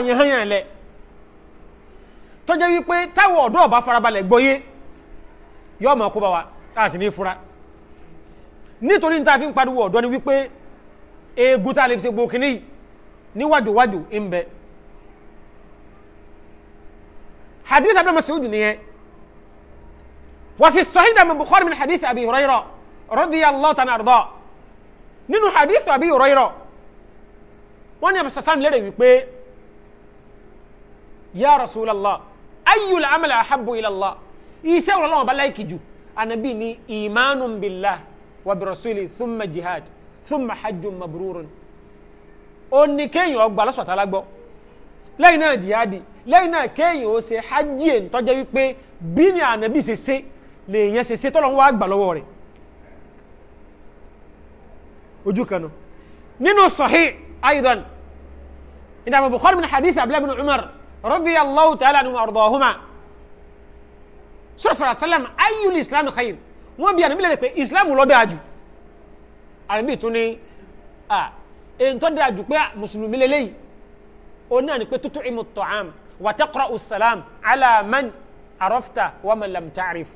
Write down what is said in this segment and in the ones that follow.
yẹra yẹn hàn yẹn lẹ tọ́jẹ́ wípé táwọn ọ̀dọ́ ọba farabalẹ̀ gbọ́yé yóò máa kó bá wa a sì ní fura nítorí níta fi ń pariwo ọ̀dọ́ ni wípé eegun tá a lè fi ṣe gbòó kínní ní ń bẹ hadith abdul masoud nìyẹn wà fi sahih dàmú bukhari min hadith abi hurayra radiyallahu ta'ala arda nínú hadith abi hurayra wọ́n ní abisasam lérè wípé ya rasulallah ayyul amala ahabbu ilallah iṣẹ́ wọn lọ́wọ́ bá láìkì jù anabi ni imanun billah wa bi rasuli thumma jihad thumma hajjun mabrurun ó ní kéèyàn ọgbà lọ́sọ̀tàlá gbọ́ lẹ́yìn náà jihadi lẹ́yìn náà kéèyàn ó ṣe hajj ẹ̀ ń tọ́jẹ́ wípé bí ni ànábì ṣe ṣe lèèyàn ṣe ṣe tọ́lọ́hun wá gbà lọ́wọ́ rẹ̀ ojú kanu nínú sahih aidan ìdààmú bukhari min hadith abdullahi bin umar radiyallahu ta'ala anhu ardahuma sọ̀rọ̀sọ̀rọ̀ sálàm ayyul islam khayr wọ́n bí ànàmì lẹ́rẹ̀ pé islam ló dáa jù ànàmì tún ní à èyí tó dáa jù pé mùsùlùmí lélẹ́yìí ó náà ni pé tut'imu ta'am wa taqra'u salam ala man arafta wa man lam ta'rif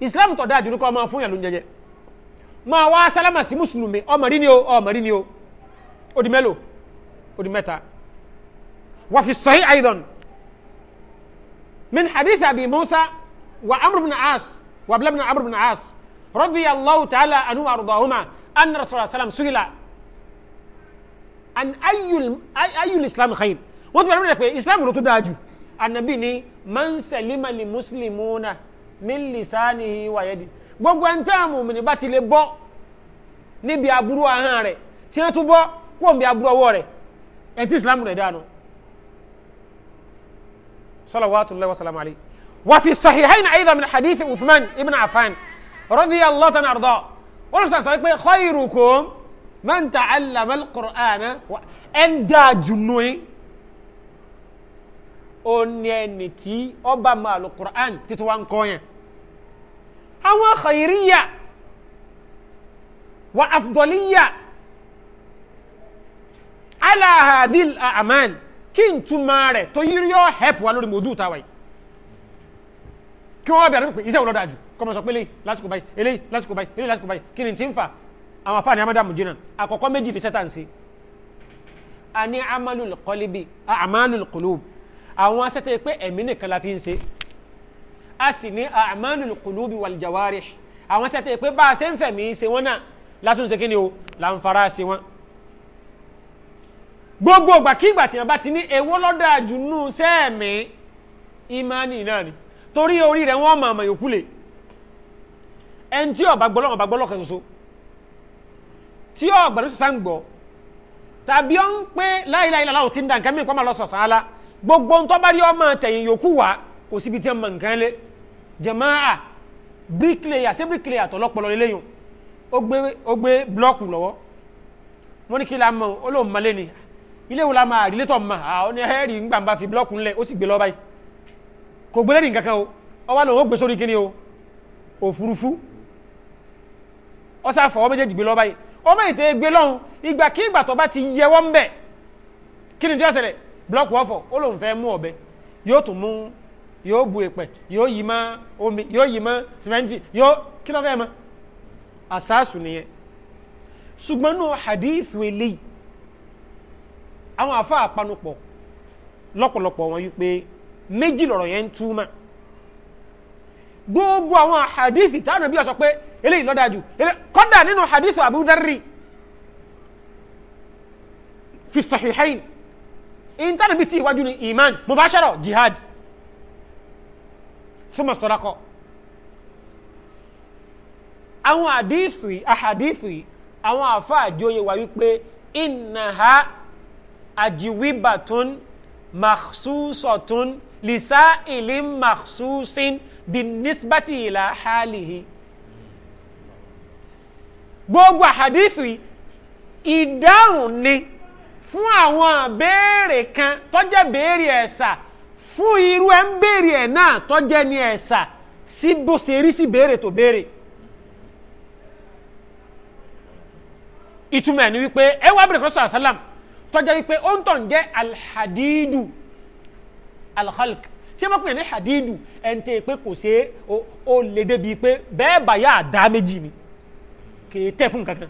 islam tó dáa jù ní kọ́ máa fún yàn ló ń jẹjẹ máa wá sálámà sí mùsùlùmí ọmọ rí ni o ọmọ rí ni o ó di mélòó ó di mẹ́ta وفي الصحيح أيضا من حديث أبي موسى وعمرو بن عاص وابن بن عمرو بن عاص رضي الله تعالى عنهما وأرضاهما أن رسول الله صلى الله عليه وسلم سئل عن أي أي الإسلام خير wọ́n ti bẹ̀rẹ̀ lórí ẹ̀ pé islam ló tó dáa jù ànábì ni man salima li muslimuna min lisanihi wa yadi gbogbo ẹni tí àwọn òmìnir bá ti lè bọ́ níbi aburú ahọ́n rẹ̀ tí wọ́n tún bọ́ kó òmìnir aburú ọwọ́ rẹ̀ ẹ̀ tí islam rẹ̀ dáa nù. صلوات الله وسلامه عليه وفي الصحيحين أيضا من حديث عثمان ابن عفان رضي الله تعالى أرضاه ورسول صلى الله خيركم من تعلم القرآن ẹ̀ńdà jùnú جنوي ó ní ẹni tí ọba máa lo Qur'an títí wá ń kọ́ àwọn wa afdoliya ala hadil a'mal. kí n túmọ̀ rẹ̀ tó yírí yọ help wa lórí mòdú ìta wa yìí kí wọ́n bẹ̀rẹ̀ pé iṣẹ́ ìlọ́dà jù kọ́mọ sọ pé eléyìí lásìkò báyìí eléyìí lásìkò báyìí eléyìí lásìkò báyìí kí ni ti ń fa àwọn afáàní amádàmù jìnnà àkọ́kọ́ méjì ní sẹ́tà ń ṣe àní amalul qalbi a'malul qulub àwọn asẹ́tẹ̀ pé ẹ̀mí nìkan la fi ń ṣe a sì ní a'malul qulubi wal jawarih àwọn asẹ́tẹ̀ pé bá a ṣe ń fẹ̀mí ṣe wọ́n náà látúnṣe kí ni o là ń fara gbogbo ìgbàkígbà tí wọn bá ti ní èwo lọ́dọ̀ àjùnú sẹ́ẹ̀mí ìmánì náà ni torí orí rẹ̀ wọ́n mọ̀ ọmọ yòókù lè ẹni tí ọba gbọ́lọ́ ọba gbọ́lọ́ kan ṣoṣo tí ọgbà ló sàn gbọ́ tàbí ó ń pé láìláì làlá òtí ń da nǹkan mìíràn kọ́ máa lọ sọ̀sán ala gbogbo ń tọ́ba rí ọmọ tẹ̀yìn yòókù wá kò síbi tí wọn mọ nǹkan lé jẹ̀máà bíríkìlẹ̀yà sí bíríkìlẹ̀yà tọ́lọ́pọ̀lọ́ lélẹ́yìn ó gbé blọ́ọ̀kù lọ́wọ́ wọn ní kí la mọ̀ ó lóun mọ́lé ni ilé wo la máa rí létọ̀ mọ́ àwọn ẹ̀rí ń gbàǹbà fi búlọ́ọ̀kù ńlẹ̀ ó sì gbé lọ báyìí kò gbé lẹ́rìn kankan o ọwọ́ lòun ó gbé sórí kíni o òfurufú ọsà fọwọ́ méjèèjì gbé lọ báyìí ọmọ ètè gbé lọ́hùn ìgbà kí ìgbà tó bá ti yẹ wọ́n bẹ̀ kí ni tí wọ́n ṣẹlẹ̀ búlọ́ọ̀kù ọ̀fọ̀ ó lòun fẹ́ mú ọ̀bẹ yóò tún mú yóò bu èpẹ̀ yóò yí mọ́ omi yóò yí mọ́ sìmẹ́ntì yóò kí ló fẹ́ mọ́ àsáàsù nìyẹn ṣùgbọ́n nù hadith eléyìí àwọn àfa àpanupọ̀ lọ́pọ̀lọpọ̀ wọn wípé méjì lọ̀rọ̀ yẹn ń túmọ̀ gbogbo àwọn àhàdíìsì táwọn bí wọ́n sọ pé eléyìí ló dáa jù kọ́dà nínú àhàdíìsì Abu Dharri fi sahihain ìntànà bíi ti ìwájú ni iman mubashara jihad thumma sadaqa àwọn àdíìsì àhàdíìsì àwọn àfa àjọyẹ̀ wá wípé innaha ajiwibatun makhsusatun lisa'ilin makhsusin bin nisbati ila halihi gbogbo hadithi ìdáhùn ni fún àwọn àbéèrè kan tọ́jẹ́ béèrè ẹ̀sà fún irú ẹ̀ ń béèrè ẹ̀ náà tọ́jẹ́ ni ẹ̀sà sí bó ṣe rí sí béèrè tó béèrè ìtumọ̀ ẹ̀ ni wípé ẹ wá bèrè kọ́sọ̀ àsálàmù tọ́jà wípé ó ń tàn jẹ́ alhadidu alhalk tí wọ́n pè ní hadidu ẹ̀ǹtẹ̀ pé kò ṣe é ó lè débi pé bẹ́ẹ̀ bàyà àdá méjì ni kèé tẹ̀ fún kankan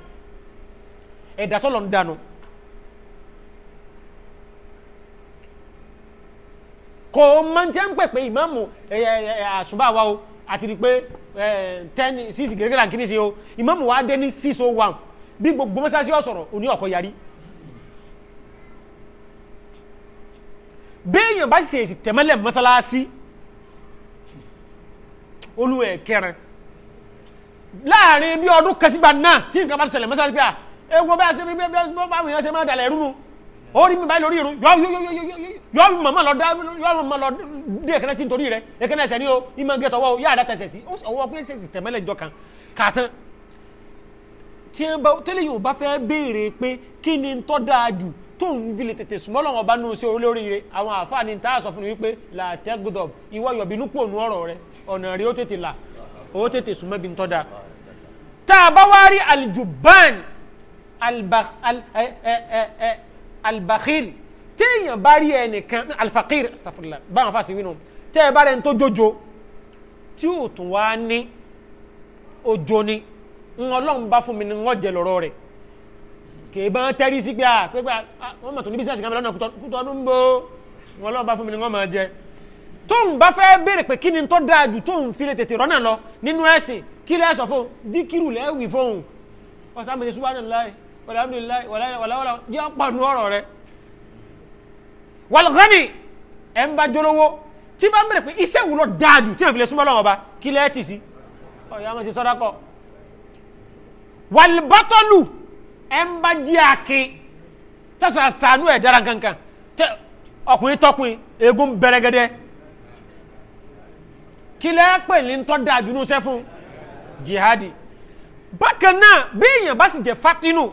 ẹ̀dá tó lọ ń dànù kò máa ń tẹ́ ń pè pé ìmáàmù àṣùbà wa o àti rí pé ten six gẹ́gẹ́ là ń kí ni o ìmáàmù wa dé ní six oh one bí gbogbo mọ́sáàsì ọ̀sọ̀rọ̀ òní ọ̀kọ̀ yarí. béèyàn bá sì ṣe tẹ̀mẹ́lẹ̀ mọ́sálásí olúwa ẹ̀kẹrin láàrin bí ọdún kan sígbà náà tí nǹkan bá ṣẹlẹ̀ mọ́sálásí pé à ewu bá ṣe bí bí bá àwọn èèyàn ṣe máa dàlẹ̀ rúnu orí mi báyìí lórí irun yọ yọ yọ yọ mọ̀mọ́ lọ dá yọ mọ̀mọ́ lọ dé ẹ̀kẹ́rẹ́ sí nítorí rẹ ẹ̀kẹ́rẹ́ ẹ̀sẹ̀ ni o ìmọ̀ gẹ̀ẹ́tọ̀ ọwọ́ yóò àdá tẹ̀sẹ̀ sí ọwọ́ pé ṣèṣì tẹ̀mẹ́lẹ̀ jọ kan kàtán tí wọ́n bá tẹ́lẹ̀ yóò bá fẹ́ béèrè pé kí ni tọ́ dáa jù tóun fi lè tètè súnmọ́ lọ́wọ́ bá nù sí olóríire àwọn àfáàní tá a sọ fún mi wípé làtẹ́gùdọ̀ ìwọ yọ̀bínú pò nù ọ̀rọ̀ rẹ ọ̀nà rí ó tètè là ó tètè súnmọ́ bí n tọ́ da. tá a bá wá rí aljuban eh, eh, eh, albakhil téèyàn bá rí ẹnìkan alfakir astafurla báwọn fàṣẹ wínú tẹ́ ẹ bá rẹ̀ ń tó jójo tí ò tún wá ní ojo ni ń ọlọ́run bá fún mi ní ń ọ̀jẹ̀ lọ́rọ̀ rẹ̀ kèé bá ń tẹ́rí sí pé à ah, pé pé ah, wọ́n mọ̀ tó ní bísíǹsì kan lọ́nà kútọ́ ọdún bó wọn lọ́wọ́ bá fún mi ni wọ́n máa jẹ tóun bá fẹ́ béèrè pé kí ni tó dáa jù tóun fi lè tètè rọ́nà lọ nínú ẹ̀sìn kí lẹ́ sọ fóun díkìrù lẹ́wì fóun ọ̀sán àmì subhanallahi walhamdulillahi wàláwàlá jẹ́ pọ̀nù ọ̀rọ̀ rẹ̀ wàlúkọ́nì ẹ̀ ń bá jólówó tí bá ń bèrè pé iṣẹ́ wo ló dáa jù tí wọ́n fi lè súnmọ́ lọ́wọ́ bá kí lẹ́ẹ̀tì sí ọ̀yà àmì sọ́dọ́kọ̀ ẹnba jí àkè tẹsán sànú ẹ dára kankan tẹ ọkùnrin tọkùnrin eegun bẹrẹgẹdẹ kílẹ̀ pè ní ntọ́ da dunu sẹ́ jihadi bákan náà bí èèyàn bá sì jẹ́ fatinu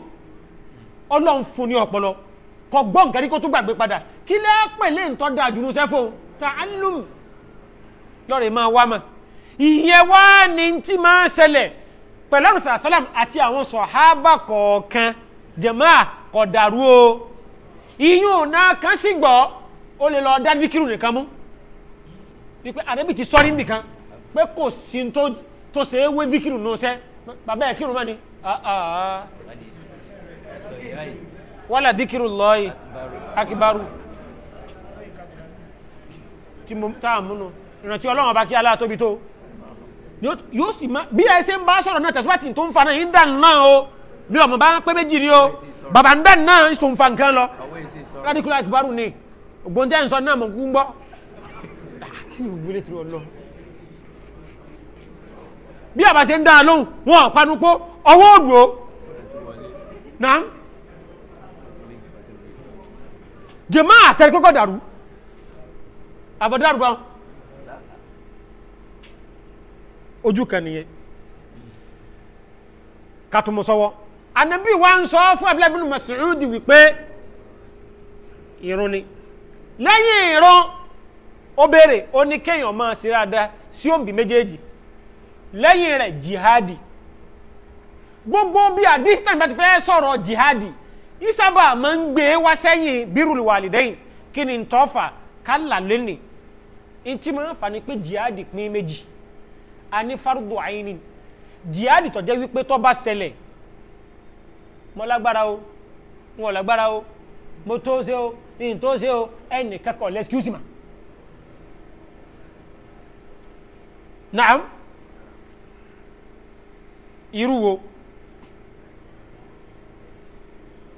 ọlọ́run fún ní ọpọlọ kọ gbọ́ nǹkan ní kó tún gbàgbé padà kílẹ̀ pè ní ntọ́ da dunu sẹ́ ta ta'allum lọ́rẹ̀ ma wá mà ìyẹn wá ní ntí máa ṣẹlẹ̀ pẹ̀lú àrùsà sálàm àti àwọn sọ̀hábà kọ̀ọ̀kan jẹ̀mọ́ kọ̀dàrú o iyún náà kan sì gbọ́ ó lè lọ dá díkìrù nìkan mú wípé àdébì ti sọ́rí nìkan pé kò sí tó ṣe é wé díkìrù nù sẹ́ bàbá ẹ̀ kírun mẹ́ni ah, ah, ah. wàlà díkìrù lọ́ọ̀yì akibaru tí mo tá a múnu ìrántí ọlọ́run ọba kí aláàtóbi tó yóò sì má bí ẹ ṣe ń bá sọ̀rọ̀ náà tẹ̀síwájú tó ń fa náà yín dàn náà o mi ò mọ̀ bá ń pé méjì ni o bàbá ń dàn náà tó ń fa nǹkan lọ radical akibaru ni ògbóǹjẹ́ ń sọ náà mọ̀ kú ń gbọ́ àti ìwúlé tí wọ́n lọ. bí àbá ṣe ń dá lóhùn wọn ò panu pó ọwọ́ òdùó náà jẹ́ máa sẹ́ni kókó dàrú àbọ̀dàrú báwọn. ojú kan nìyẹn kàtùmùsọ́wọ́ anabi wa ń sọ fún Abdullahi bin Mas'ud wípé irun ni lẹ́yìn irun ó béèrè ó ní kéèyàn máa ṣe dáadáa sí òǹbí méjèèjì lẹ́yìn rẹ̀ jihadi gbogbo bí àdìsítàn bá ti fẹ́ sọ̀rọ̀ jihadi isaba máa ń gbé wá sẹ́yìn bírùlù wàlídẹ́yìn kí ni ń tọ́fà kálà lẹ́nì ntí máa ń fà pé jihadi pín méjì a ní fardu àyíní jihadi tó jẹ́ wípé tó bá ṣẹlẹ̀ mo lágbára o n ò lágbára o mo tó ṣe o n tó ṣe o ẹnì kẹ́kọ̀ọ́ lẹ́sìkúsì mà. naam irú wo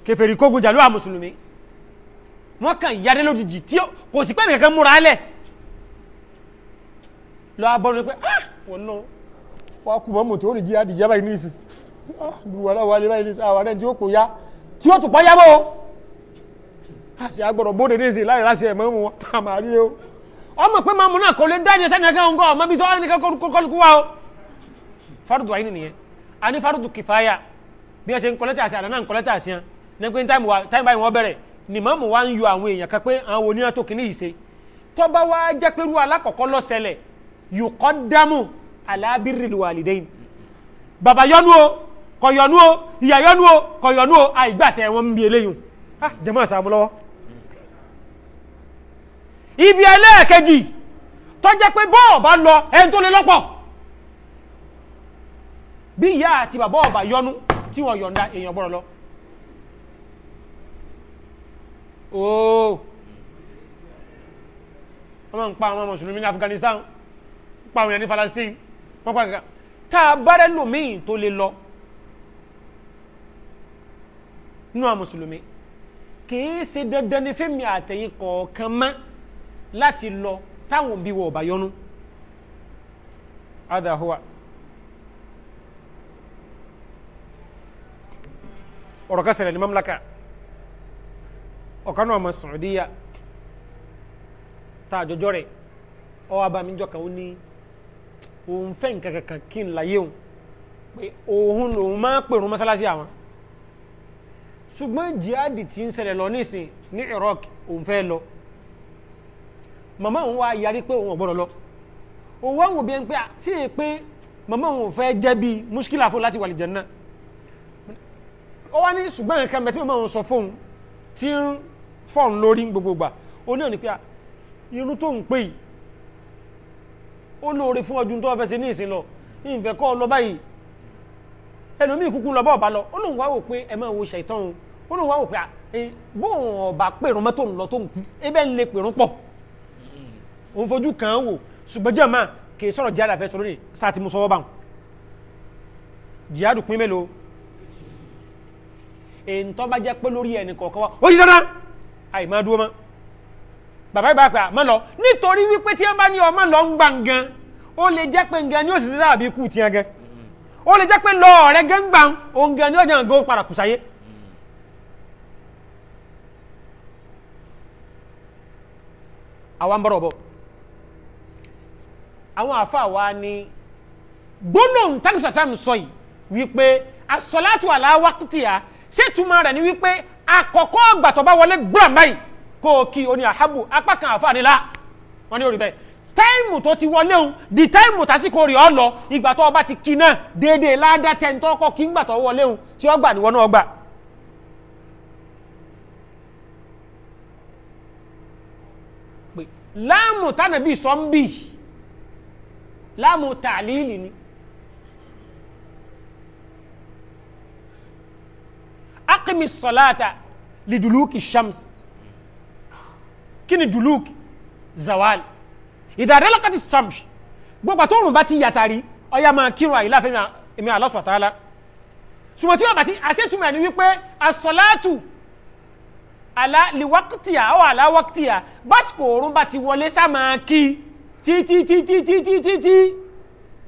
kèfèrí kógun jàlú àwọn mùsùlùmí wọ́n kàn lójijì tí kò sí pé nìkan múra lẹ̀ lọ́wọ́ abọ́nu pé ah wọ́lọ́ wọ́n kù mọ́mù tó rìn jíyà dìjẹ́ báyìí níìsì gbùwà náà wálé báyìí níìsì àwọn ẹni tí ó kò yá tí ó tùpá yá bọ́ a sì agbọ̀dọ̀ bóde níìsì láì láti ẹ̀mọ́ mu wọn a máa rí o ọmọ pé mọ́mù náà kò lè dájẹ́ sẹ́ni ẹ̀kẹ́ òǹkọ́ ọmọ bí tó ẹni kọ́kọ́lùkù wa o fárùdù àyín nìyẹn a ní fárùdù kìfáyà bí wọ́n ṣe ń kọ́lẹ́tà sí àná náà ń kọ́lẹ́tà sí wọn ní pé táìmù báyìí wọ́n bẹ̀rẹ̀ ni mọ́mù wa ń yọ àwọn èèyàn kan pé àwọn oníyàn tó kìíní yìí ṣe yuqaddamu ala birril walidain bàbá yọnu o kọ yọnu o ìyá yọnu o kọ yọnu o àìgbàsẹ̀ wọn ń bi eléyìí ah jẹ́mọ́ àṣà àmúlọ́wọ́ ibi ẹlẹ́ẹ̀kejì tó jẹ́ pé bọ́ọ̀ lọ ẹni tó lè lọ́pọ̀ bí ìyá àti bàbá ọ̀bà yọnu tí wọ́n yọ̀ǹda èèyàn gbọ́dọ̀ lọ ooo wọ́n ń pa àwọn mùsùlùmí ní Afghanistan pàwọn èèyàn ní Palestine wọ́n pa kankan tá a bára lòmíì tó lè lọ nínú àwọn mùsùlùmí kìí ṣe dandan ní fẹ́mi àtẹ̀yìn kọ̀ọ̀kan mọ́ láti lọ táwọn òbí wọ̀ ọ̀bà yọnu adahuwa ọ̀rọ̀ kan ṣẹlẹ̀ ní mamlaka ọ̀kan ọmọ Saudiya tá a jọjọ́ rẹ̀ ó wá kan ó ní òun fẹ́ nǹkan kankan kí n láyé òun pé òun lòun máa ń pèrún mọ́sálásí àwọn ṣùgbọ́n jihadi ti ń ṣẹlẹ̀ lọ nísìn ní Iraq òun fẹ́ lọ màmá òun wá yarí pé òun ò gbọ́dọ̀ lọ òun wá wò bí ẹni pé sí è pé màmá òun fẹ́ jẹ́ bí muskila fún láti wà lè jẹun náà ó wá ní ṣùgbọ́n nǹkan bẹ̀ tí màmá òun sọ fóun tí ń fọ́ọ̀n lórí gbogbogbà ó ní òní pé irun tó ń pè yìí ó lóore fún ọdún tó fẹ́ ṣe ní ìsìn lọ ìfẹ́ kọ́ lọ báyìí ẹlòmíì kúkú lọ bá ọba lọ ó lóun wá wò pé ẹ máa wo ṣàìtàn ó lóun wá wò pé ah, bóun ọba pèrún mọ́tò ń lọ tó ń kú ebẹ́ ń lè pèrún pọ̀ hmm. òun fojú kàn án wò ṣùgbọ́n jẹ́ máa kì í sọ̀rọ̀ jíádà fẹ́ sọ lónìí sáà ti mú sọ́wọ́ bá wọn jíádù pín mélòó èyí tó bá jẹ́ pé lórí ẹnì kọ̀ọ̀kan wa ó yí dáadáa àì máa dúró máa bàbá ìbá pé àmọ́ lọ nítorí wípé tí wọ́n bá ní ọmọ lọ ń gbà ń gan ó lè jẹ́ pé ngan ni ó sì sí sábà bí ikú tiẹ̀ gan ó lè jẹ́ pé lọ ọ̀rẹ́ gan gbà ń òun gan ni ó jẹ́ nǹkan padà kù sáyé. àwa ń bọ̀rọ̀ bọ̀ àwọn àfa wa ni gbólóhùn tánìsà sáàmù sọ yìí wípé asọ́látù àláwákùtìyà ṣètùmọ̀ rẹ̀ ni wípé àkọ́kọ́ àgbàtọ̀ bá wọlé gbọ́n báyìí kó o kí o ní àhábù apá kan àfààní la wọn ní orí bẹ́ẹ̀ táìmù tó ti wọlé òun di táìmù tásìkò rè ọ lọ ìgbà tó ọba ti kí náà déédéé ládàá tẹ̀ ń tọ́kọ̀ kí ńgbà tó wọlé òun tí ó gbà níwọ náà gbà. láàmù tánàbí sọ́ńbì láàmù tàlílì ni akimi sọláta liduluki kí ni dùlúùk zawal ìdàdálọ́kàtì stamps gbogbo àtọ́rùn bá ti yàtàrí ọya máa kírun àyílá fẹ́mi èmi Allah subhanahu wa ta'ala ṣùgbọ́n tí wọ́n bá ti àṣetúmọ̀ ẹni wípé asọ́látù àlá liwákìtìyà ọ̀ àlá wákìtìyà básìkò òórùn bá ti wọlé sá máa kí tí tí tí tí tí tí tí tí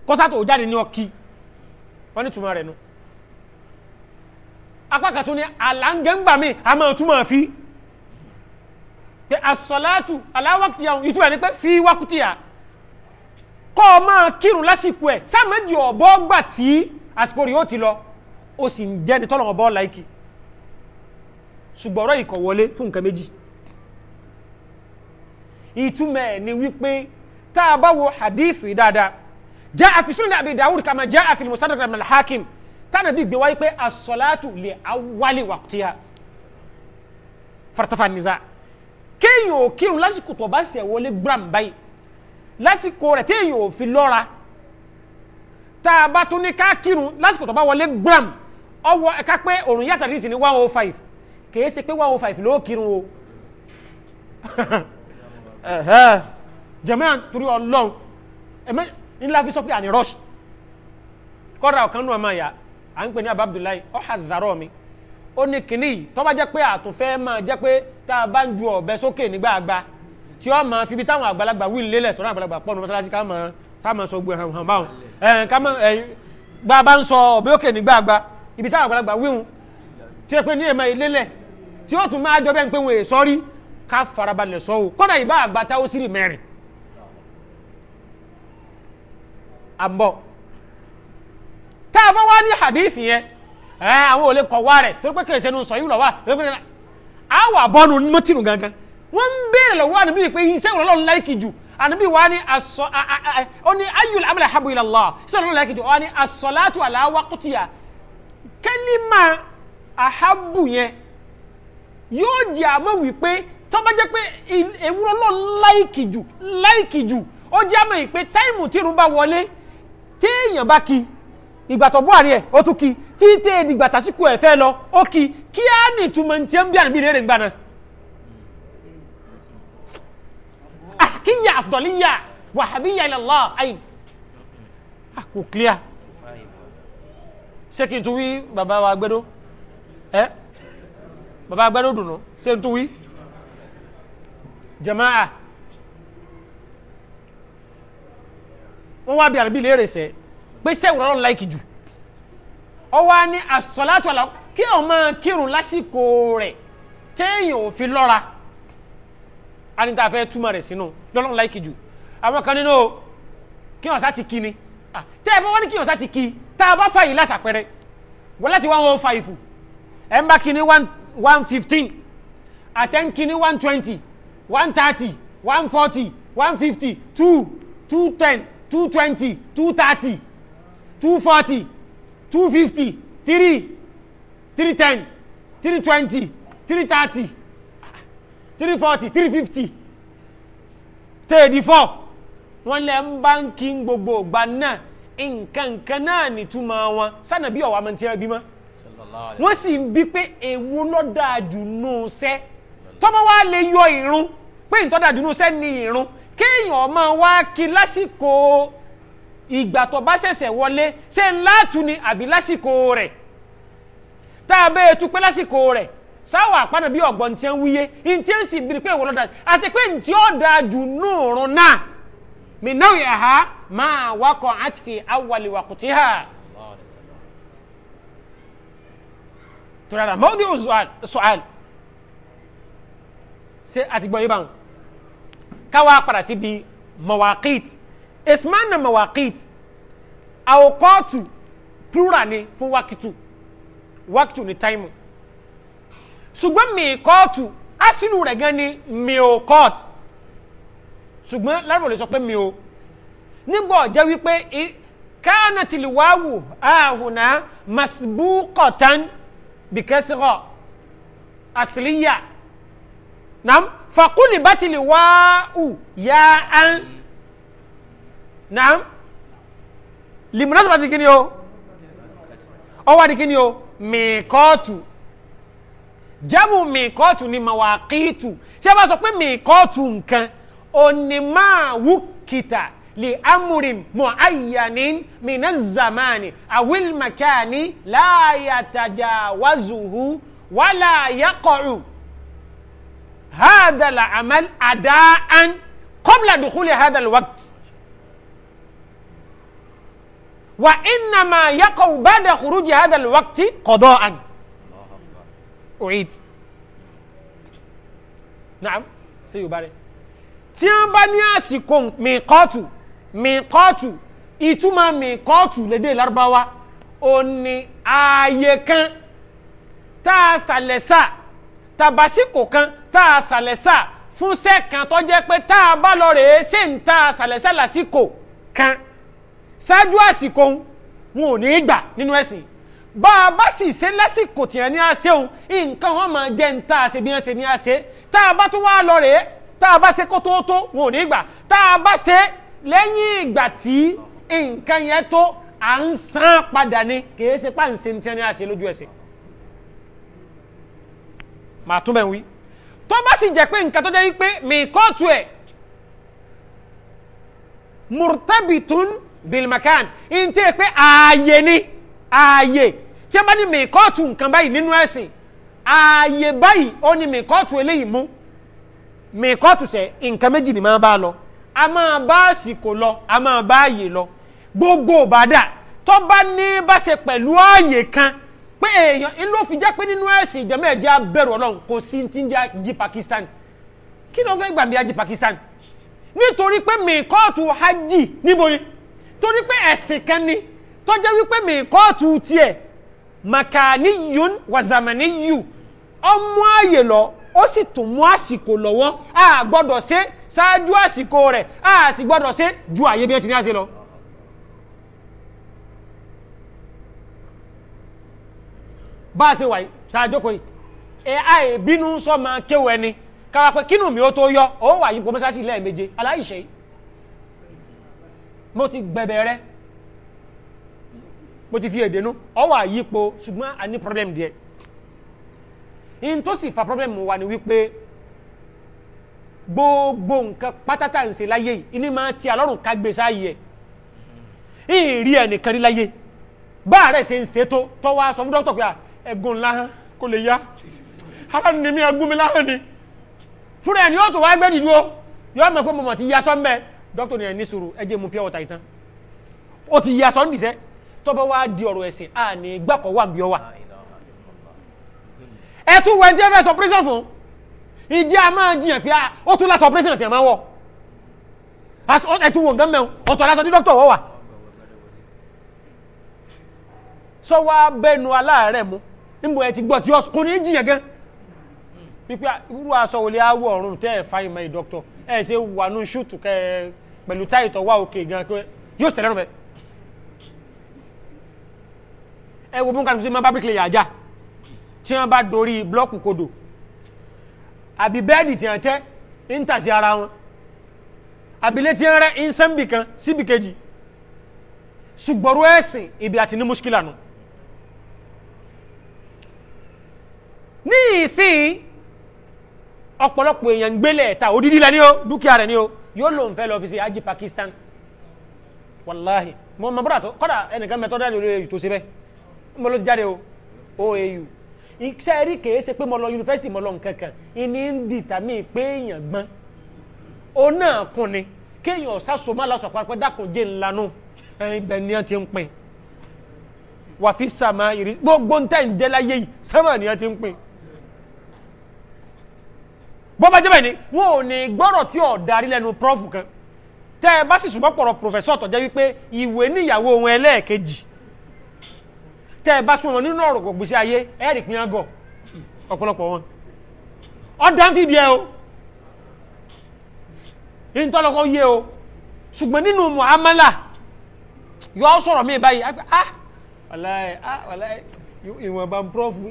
kọ́sátò ò jáde ní ọkì wọ́n ní túmọ̀ rẹ̀ nu apá kan tó àlàǹgẹ̀ ń gbà mí a máa fi pé asọ́látù aláwákìtì àwọn ìtura ni pé fi wákùtìyà kọ́ ọ máa kírun lásìkò ẹ̀ sáàmẹ́jì ọ̀bọ gbà tí àsìkò rí ó ti lọ ó sì ń jẹ́ ni tọ́lọ̀ ọ̀bọ láìkì ṣùgbọ́n ọ̀rọ̀ ìkọ̀ wọlé fún nǹkan méjì ìtumọ̀ ni wípé tá a bá wo hadith dáadáa já àfisúnú ní Abi Dawud kàmá já àfin mustadrak al hakim tánà bí gbé wáyé pé asọ́látù lè awálè wàkùtìyà fartafa nìzáà kéèyàn ò kírun lásìkò tó bá ṣe wọlé gbram báyìí lásìkò rẹ̀ téèyàn ò fi lọ́ra tá a bá tún ní ká kírun lásìkò tó bá wọlé gbram ọwọ́ ẹ̀ka pé òrùn yàtọ̀ ní ìsìn ní one oh five kìí ṣe pé one oh five ló kírun o jẹ̀mẹ́ràn torí ọlọ́run ẹ̀mẹ́ ńlá fi sọ pé àní rush kọ́ra ọ̀kan nù ọmọ àyà à ń pè ní ababdulayi ọ̀hà zàrọ̀ mi ó ní kínní yìí tó bá jẹ́ pé àtúnfẹ́ máa jẹ́ pé tá a bá ń ju ọ̀bẹ sókè nígbà àgbà tí ó máa fi ibi táwọn àgbàlagbà wí lélẹ̀ tó náà àgbàlagbà pọ̀ ní mọ́sálásí ká máa ká máa sọ gbé hàn báwọn ẹ̀ẹ́n ká máa ẹ̀yìn gba bá ń sọ ọ̀bẹ òkè nígbà àgbà ibi táwọn àgbàlagbà wí hun tí ó pé ní èèmọ̀ ìlélẹ̀ tí ó tún máa jọ bẹ́ẹ̀ pé wọn èso o kódà ìbá tá a bá wá ní hadith yẹn ẹ àwọn ò lè kọ̀ wá rẹ̀ torí pé kèsè nu sọ yìí lọ wá àwọn àbọ̀nù mọ́tìrù gangan wọ́n ń béèrè lọ́wọ́ àníbí pé iṣẹ́ ìrọ̀lọ́run láìkì jù àníbí wa ni asọ ọ ni ayul amala habu ila Allah iṣẹ́ ìrọ̀lọ́run láìkì jù ọ ni asọ̀látù aláwa kùtìyà kẹ́límà ahabu yẹn yóò jẹ́ àmọ́ wípé tọ́ba jẹ́ pé ewúrọ́ lọ́n láìkì jù láìkì jù ó jẹ́ àmọ́ ìpè táìmù tírun bá wọlé téèyàn bá ìgbà tó buhari ẹ̀ ó tún kí títẹ̀ ìdìgbà tásìkò ẹ̀ fẹ́ lọ ó kí kí á ní ìtumọ̀ ní tiẹ̀ ń bí àná bí léèrè ń gbà náà. àkíyà ah, àfùdọ̀líyà wàhábíyà ilàlá àyìn ah, kò clear ṣé kí n tún wí bàbá wa gbẹ́dọ́ ẹ́ bàbá gbẹ́dọ́ dùnú ṣé n tún wí jama'a wọ́n wá bí àná bí léèrè sẹ́ẹ́ pé sẹ́wù rọ́lọ́ láìkì jù ọwọ́ á ní àsọ̀látù àlà kí ọ̀ máa kírun lásìkò rẹ̀ téèyàn ò fi lọ́ra á ní tá a fẹ́ túmọ̀ rẹ̀ sínú lọ́lọ́ láìkì jù àwọn kan nínú o kí ọ̀sá ti kí ni tẹ́ ẹ bá wọ́n ní kí ọ̀sá ti kí tá a bá fàyè lásàpẹrẹ wọ́n láti one oh five ẹ̀ ń bá kí ni one fifteen àtẹ́ń kí ni one twenty one thirty one forty one fifty two two ten two twenty two thirty two forty two fifty three three ten three twenty three thirty three forty three fifty thirty four wọn lẹ ń bá ń kí gbogbo ìgbà náà nkankan náà nìtumọ̀ wọn sànàbí ọ̀wà máa ń tiẹ́ bímọ wọ́n sì ń bí pé èwo ló dáa jù nù sẹ́ tọ́mọ wa lè yọ ìrun pé ìtọ́dà jù nù sẹ́ ni ìrun kéèyàn máa wá kí lásìkò ìgbà bá ṣẹ̀ṣẹ̀ wọlé ṣé ńláàtú ni àbí lásìkò rẹ̀ tá a bẹ́ẹ̀ tú pé lásìkò rẹ̀ sáwọ́ àpáná bí ọ̀gbọ́n tí ń wúyé ntí ń sì bìrì pé ìwọ lọ́dà àti pé ntí ó dáa jù nùrùn náà mi náà yà á máa wakọ̀ àti fi awàlì wàkùtì hà. tùràdà mọ́ọ́dí sọ̀àl ṣé àti gbọ́ yìí bá wọn káwá padà síbi mọ̀wákìtì ismanna mawaqit awqatu plural ni fún wakitu wakitu ni taimu ṣùgbọ́n miqatu asinu rẹ̀ gan ni miqat ṣùgbọ́n lárúbọ̀ lè sọ pé mi o nígbà jẹ́ wípé kánàtìlì wáwù àhùnà masbúkọ̀tán bìkẹ́sìrọ̀ àṣìlíyà nam fàkúlì bátìlì wáwù yá án naam limunasaba ti kini o ọwọ́ di kini o mìkọ́ọ̀tù jẹ́mu mìkọ́ọ̀tù ni màwàkìtù ṣé bá sọ pé mìkọ́ọ̀tù nǹkan onímàwùkìtà lè amúrin mọ̀ ayyaní mìnà zamani awil makani láyàtàjà wàzùhù wàlà yàkọ̀rù hádàlà àmàl àdáán kọ́bla dùkúlẹ̀ hádàlà wákìtì wa innama yaqaw ba'da khuruji hadha al-waqti qada'an u'id naam ṣé yorùbá rẹ tí wọn bá ní àsìkò mìkọ́tù mìkọ́tù ìtumọ̀ mìkọ́tù lédè lárúbáwá ò ní ààyè kan tá a sàlẹ̀sà tàbásìkò kan tá a sàlẹ̀sà fúnṣẹ́ kan tó jẹ́ pé tá a bá lọ rèé ṣé ń tá a sàlẹ̀sà lásìkò kan ṣáájú àsìkò wọn ò ní í gbà nínú ẹ̀sìn bá a bá sì ṣe lásìkò tìyẹn ní àṣẹ òun nǹkan wọn máa jẹ́ ń tá a ṣe bí wọ́n ṣe ní àṣẹ tá a bá tún wá lọ rèé tá a bá ṣe kó tó tó wọn ò ní í gbà tá a bá ṣe lẹ́yìn ìgbà tí nǹkan yẹn tó à ń san padà ni kì í ṣe páǹṣe ní tìyẹn ní àṣẹ lójú ẹsẹ̀ màá tún bẹ̀ ń wí tó bá sì jẹ́ pé nǹkan tó jẹ́ wípé mi kóòtù ẹ̀ murtabitun bilmakan n tẹ́ pé ààyè ni ààyè tí a bá ní mìkọ́ọ̀tù nǹkan báyìí nínú ẹ̀sìn ààyè báyìí ó ní mìkọ́ọ̀tù eléyìí mú mìkọ́ọ̀tù sẹ́ nǹkan méjì ni máa bá lọ a máa bá àsìkò lọ a máa bá ààyè lọ gbogbo òbádà tó bá ní bá ṣe pẹ̀lú ààyè kan pé èèyàn ń ló fi jẹ́ pé nínú ẹ̀sìn ìjọba ẹ̀jẹ̀ abẹ́rù ọlọ́run kò sí ti ń jí Pakistan kí ló fẹ́ gbàgbé ají Pakistan nítorí pé mìkọ́ọ̀tù hajj níbo ni torí pé ẹ̀sìn kan ni tó jẹ́ wípé mi kóòtù tiẹ̀ makaniyun wazamaniyu ọmú ààyè lọ ó sì tún mú àsìkò lọ́wọ́ a gbọ́dọ̀ ṣe ṣáájú àsìkò rẹ̀ a sì gbọ́dọ̀ ṣe ju àyè bí wọ́n ti ní àṣẹ lọ. bá a ṣe wáyé tá a jókòó yìí ẹ àìbínú sọ ma kéwọ ẹni káwá pé kínú mi ó tó yọ ó wà yìí pọ̀ mọ́ṣáláṣí lẹ́ẹ̀méje aláìṣẹ́ yìí mo ti gbẹ̀bẹ̀ rẹ mo ti fi èdè nu ọwọ́ àyípo ṣùgbọ́n a ní problem díẹ̀ in tó sì fa problem wa ni wípé gbogbo nǹkan pátátà ń ṣe láyé yìí ní máa ti àlọ́run ká gbé sáàyè ẹ̀ ìrí ẹnìkan rí láyé bá rẹ̀ ṣe ń ṣètò tọ́wọ́ aṣọ fún dókítà pé ẹ̀gùn ńlá kò lè yá ara ni mi ẹ̀gùn mi láhàn ni fúnra ẹni yóò tó wá gbẹ́dìdú o yóò mọ̀ pé mo mọ̀ ti yá sọ́ńbẹ́ dókítà ní ẹni sùúrù ẹjẹ mu pure water yìí tán ó ti yà sọ́ndì sẹ́ tọ́bọ̀ wá di ọ̀rọ̀ ẹ̀sìn à ní gbàkọ̀ wà bí ọ wà. ẹ tún wẹ́n tí ẹ fẹ́ sọpírẹ́sàn fún ìjẹ́ a máa jiyàn pé o tún lá sọpírẹ́sàn tí a máa wọ̀ ẹ tún wọ̀ nǹkan mẹ́wọ̀n ọ̀tọ̀ lásán tí dókítà wọ̀ wà. sọ wá bẹnu aláàárẹ̀ mu níbo ẹ ti gbọ́ tí kò ní jiyàn gan pípẹ́ irú aṣọ wòlé awọ ọ̀run tẹ́ ẹ̀ fáyìn mọ́ ẹ̀ dókítà ẹ ṣe wà nù ṣúùtù kẹ pẹ̀lú táìtọ̀ wá òkè gan pé yóò sì tẹ̀lẹ́rù bẹ́ẹ̀ ẹ wo bóńkà tuntun máa bá bíríkìlì yà já tí wọ́n bá dorí blọ́ọ̀kù kodò àbí bẹ́ẹ̀dì tí wọ́n tẹ́ ń tà sí ara wọn àbílẹ̀ tí wọ́n rẹ́ ń sẹ́ńbì kan síbì kejì ṣùgbọ́rú ẹ̀sìn ibi àti ní mùsùkìlà nù ní ìsìn ọ̀pọ̀lọpọ̀ èèyàn ń gbélé ẹ̀ta odidi la ni o dúkìá rẹ̀ ni o yóò lòun fẹ́ lọ fi ṣe ají Pakistan wàláhì mo mọ bọ́dà tó kọ́dà ẹnìkan mẹ́tọ́ dáadé olóyè èyí tó ṣe bẹ́ẹ̀ mo ló ti jáde o OAU iṣẹ́ rí kèé ṣe pé mo lọ yunifásitì mo lọ nǹkan kan ìní ń dìtàmí pé èèyàn gbọ́n o náà kún ni kéèyàn ọ̀sásọ má lásọ parapẹ́ dákun jẹ́ ńlanu ibẹ̀ ni wọ́n ti ń pin wàfi sàmà ìrísí gbogbo ń tẹ̀ ń ti ń pin bọ́bá jẹ́ bẹ́ẹ̀ ni wọn ò ní gbọ́rọ̀ tí ò lẹ́nu prọ́fù kan tẹ́ ẹ bá sì ṣùgbọ́n pọ̀rọ̀ pòfẹ́sọ̀ tó wípé ìwé níyàwó wọn ẹlẹ́ẹ̀kejì tẹ́ ẹ bá sún wọn nínú ọ̀rọ̀ gbògbèsè ayé ẹ̀rì pín àgọ̀ ọ̀pọ̀lọpọ̀ wọn ọ̀dà ń fi di ẹ o ìntọ́lọ́kọ́ yé o ṣùgbọ́n nínú muamala yọ sọ̀rọ̀ mi báyìí ah wàláì ah wàláì ìwọ̀nba prọ́fù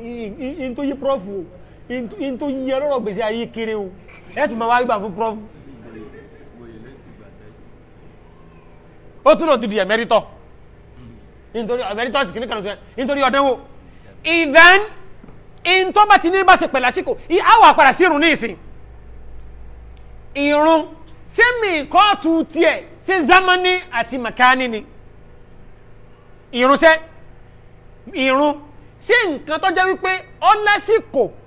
ìntòyí prọ́fù o in tó yí ọlọ́rọ̀ gbèsè ayé kéré o ẹ tún máa wá gbà fún prof. ó tún lọ ti di ẹ̀mẹ́rítọ̀ nítorí ẹ̀mẹ́rítọ̀ sì kìíní kan nítorí ọ̀dẹ́wò ìdán ìntọ́ bá ti ní bá ṣe pẹ̀lú àsìkò àwọn àpàrà sí irun ní ìsìn irun ṣé mi kóòtù tiẹ̀ ṣé zamani àti makani ni irun ṣe irun ṣé nǹkan tó jẹ́ wípé ọ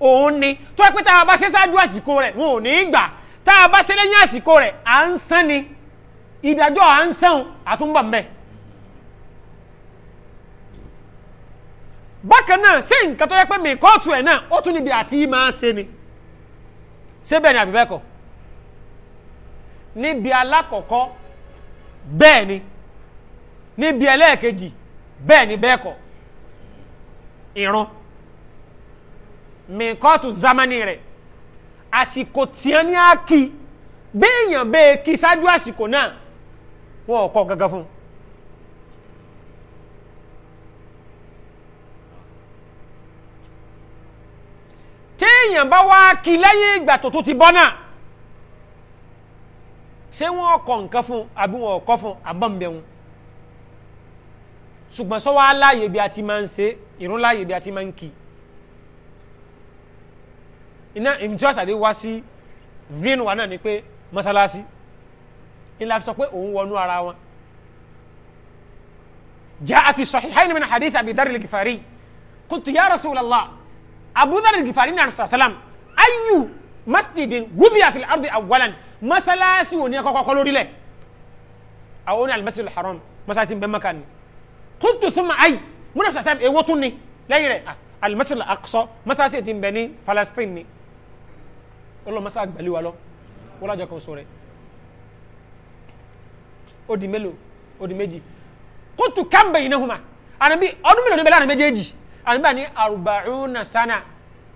òun ni tó ẹ pé tá a bá ṣe ṣáájú àsìkò rẹ̀ wọn ò ní í gbà tá a bá ṣe lẹ́yìn àsìkò rẹ̀ à ń sán ni ìdájọ́ à ń sán àtúnbà ń bẹ̀. bákan náà ṣé nǹkan tó yẹ pé mìkọ́ọ̀tù ẹ̀ náà ó tún níbi àti máa ṣe ni ṣé bẹ́ẹ̀ ni àbí bẹ́ẹ̀ kọ́ níbi alákọ̀ọ́kọ́ bẹ́ẹ̀ ni níbi ẹlẹ́ẹ̀kejì bẹ́ẹ̀ ni bẹ́ẹ̀ kọ́ ìran. E mìkọ́tù zamani rẹ̀ àsìkò tiẹ̀ ní á kí béèyàn bẹ́ẹ̀ kí ṣáájú àsìkò náà wọn ò kọ́ gangan fún un. téèyàn bá wá kí lẹ́yìn ìgbà tó tún ti bọ́ náà ṣé wọn kọ nǹkan fún àbí wọn kọ fún abọ́nbẹ̀hún ṣùgbọ́n sọ wá láàyè bí a ti máa ń ṣe ìrún láàyè bí a ti máa ń kí i iná ìmìtí ọ̀sàdé wá sí vínú wa náà ni pé mọ́sálásí ńlá fi sọ pé òun wọnú ara wọn. جاء في صحيحين من حديث أبي ذر الغفاري قلت يا رسول الله أبو ذر الغفاري نعم صلى الله عليه وسلم أي مسجد وضع في الأرض أولا مسلاسي ونيكو قولوا لي أو أنا المسجد الحرام مسلاسي بمكان قلت ثم أي من صلى الله عليه وسلم إيه وطني لا يرى المسجد الأقصى مسلاسي بني فلسطيني ọlọ́mọsá àgbàlẹ̀ wa lọ wọ́n lájọ kan sọ rẹ̀ ó di mélòó ó di méjì kóòtù kámbẹ̀ yìí nahuma ànàbí ọdún mélòó níbẹ̀ láàrin méjèèjì ànàbí àní àrùbàrún sánà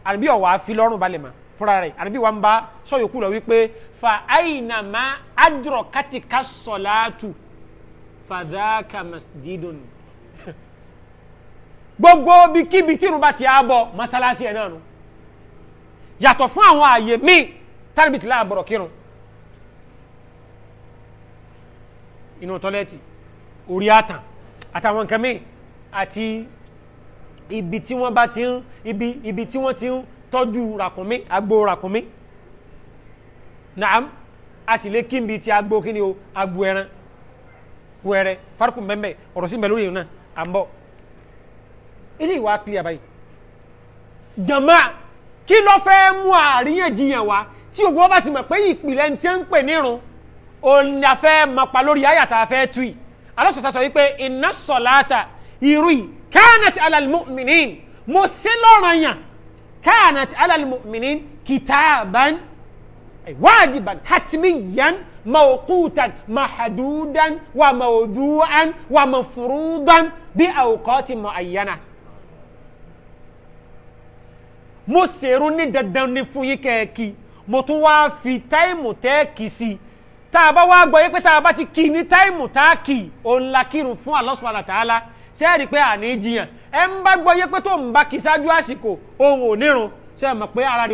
ànàbí ọ̀wà fi lọ́rùn balẹ̀ mà fúnra rẹ̀ ànàbí wa ń bá sọ̀yọ̀kú lọ wípé fa àyìnàmá àdúrọ̀ kátìkà sọ̀láàtù fàdákà masjidun gbogbo bíkíbi tírun ti á bọ̀ masalasi ẹ̀ náà nù yàtọ̀ fún àwọn ààyè míì tánibìtì láàbọ̀rọ̀ kírun inú tọ́lẹ́tì orí àtàn àtàwọn nǹkan míì àti ibi tí wọ́n bá ti ń ibi ibi tí wọ́n ti ń tọ́jú ràkúnmí agbo ràkúnmí naam a sì lè kí n bi ti agbo kí ni o agbo ẹran wẹrẹ farikun bẹ́ẹ̀ ọ̀rọ̀ sí bẹ́ẹ̀ lórí yìí náà à ń bọ̀ ilé ìwà kiri àbáyé jama kí ló fẹ́ mú àríyànjiyàn wá tí ògbó bá ti mọ̀ pé ìpìlẹ̀ ń tí ń pè nírun òun la fẹ́ mọ̀ pa lórí àyàtà afẹ́ tu yìí alọ́sọ̀sá sọ wípé inna salata irú yìí kanat alal mu'minin mo sí lọ́rọ̀ yàn kanat alal mu'minin kitaban wajiban hatmiyan mawqutan mahadudan wa mawdu'an wa mafrudan bi awqati mu'ayyana. mo ṣèrò ni dandan ní fún yín kẹ́ẹ̀kì mo tun wa fi táìmù tẹ́ẹ̀kì sí i tá ti la kirun fún alosu subhanahu ta'ala ṣé ẹ ẹ ń bá gbọ́ yé pé tó ń bá kí ṣáájú àsìkò òun o nírun ṣé ẹ ara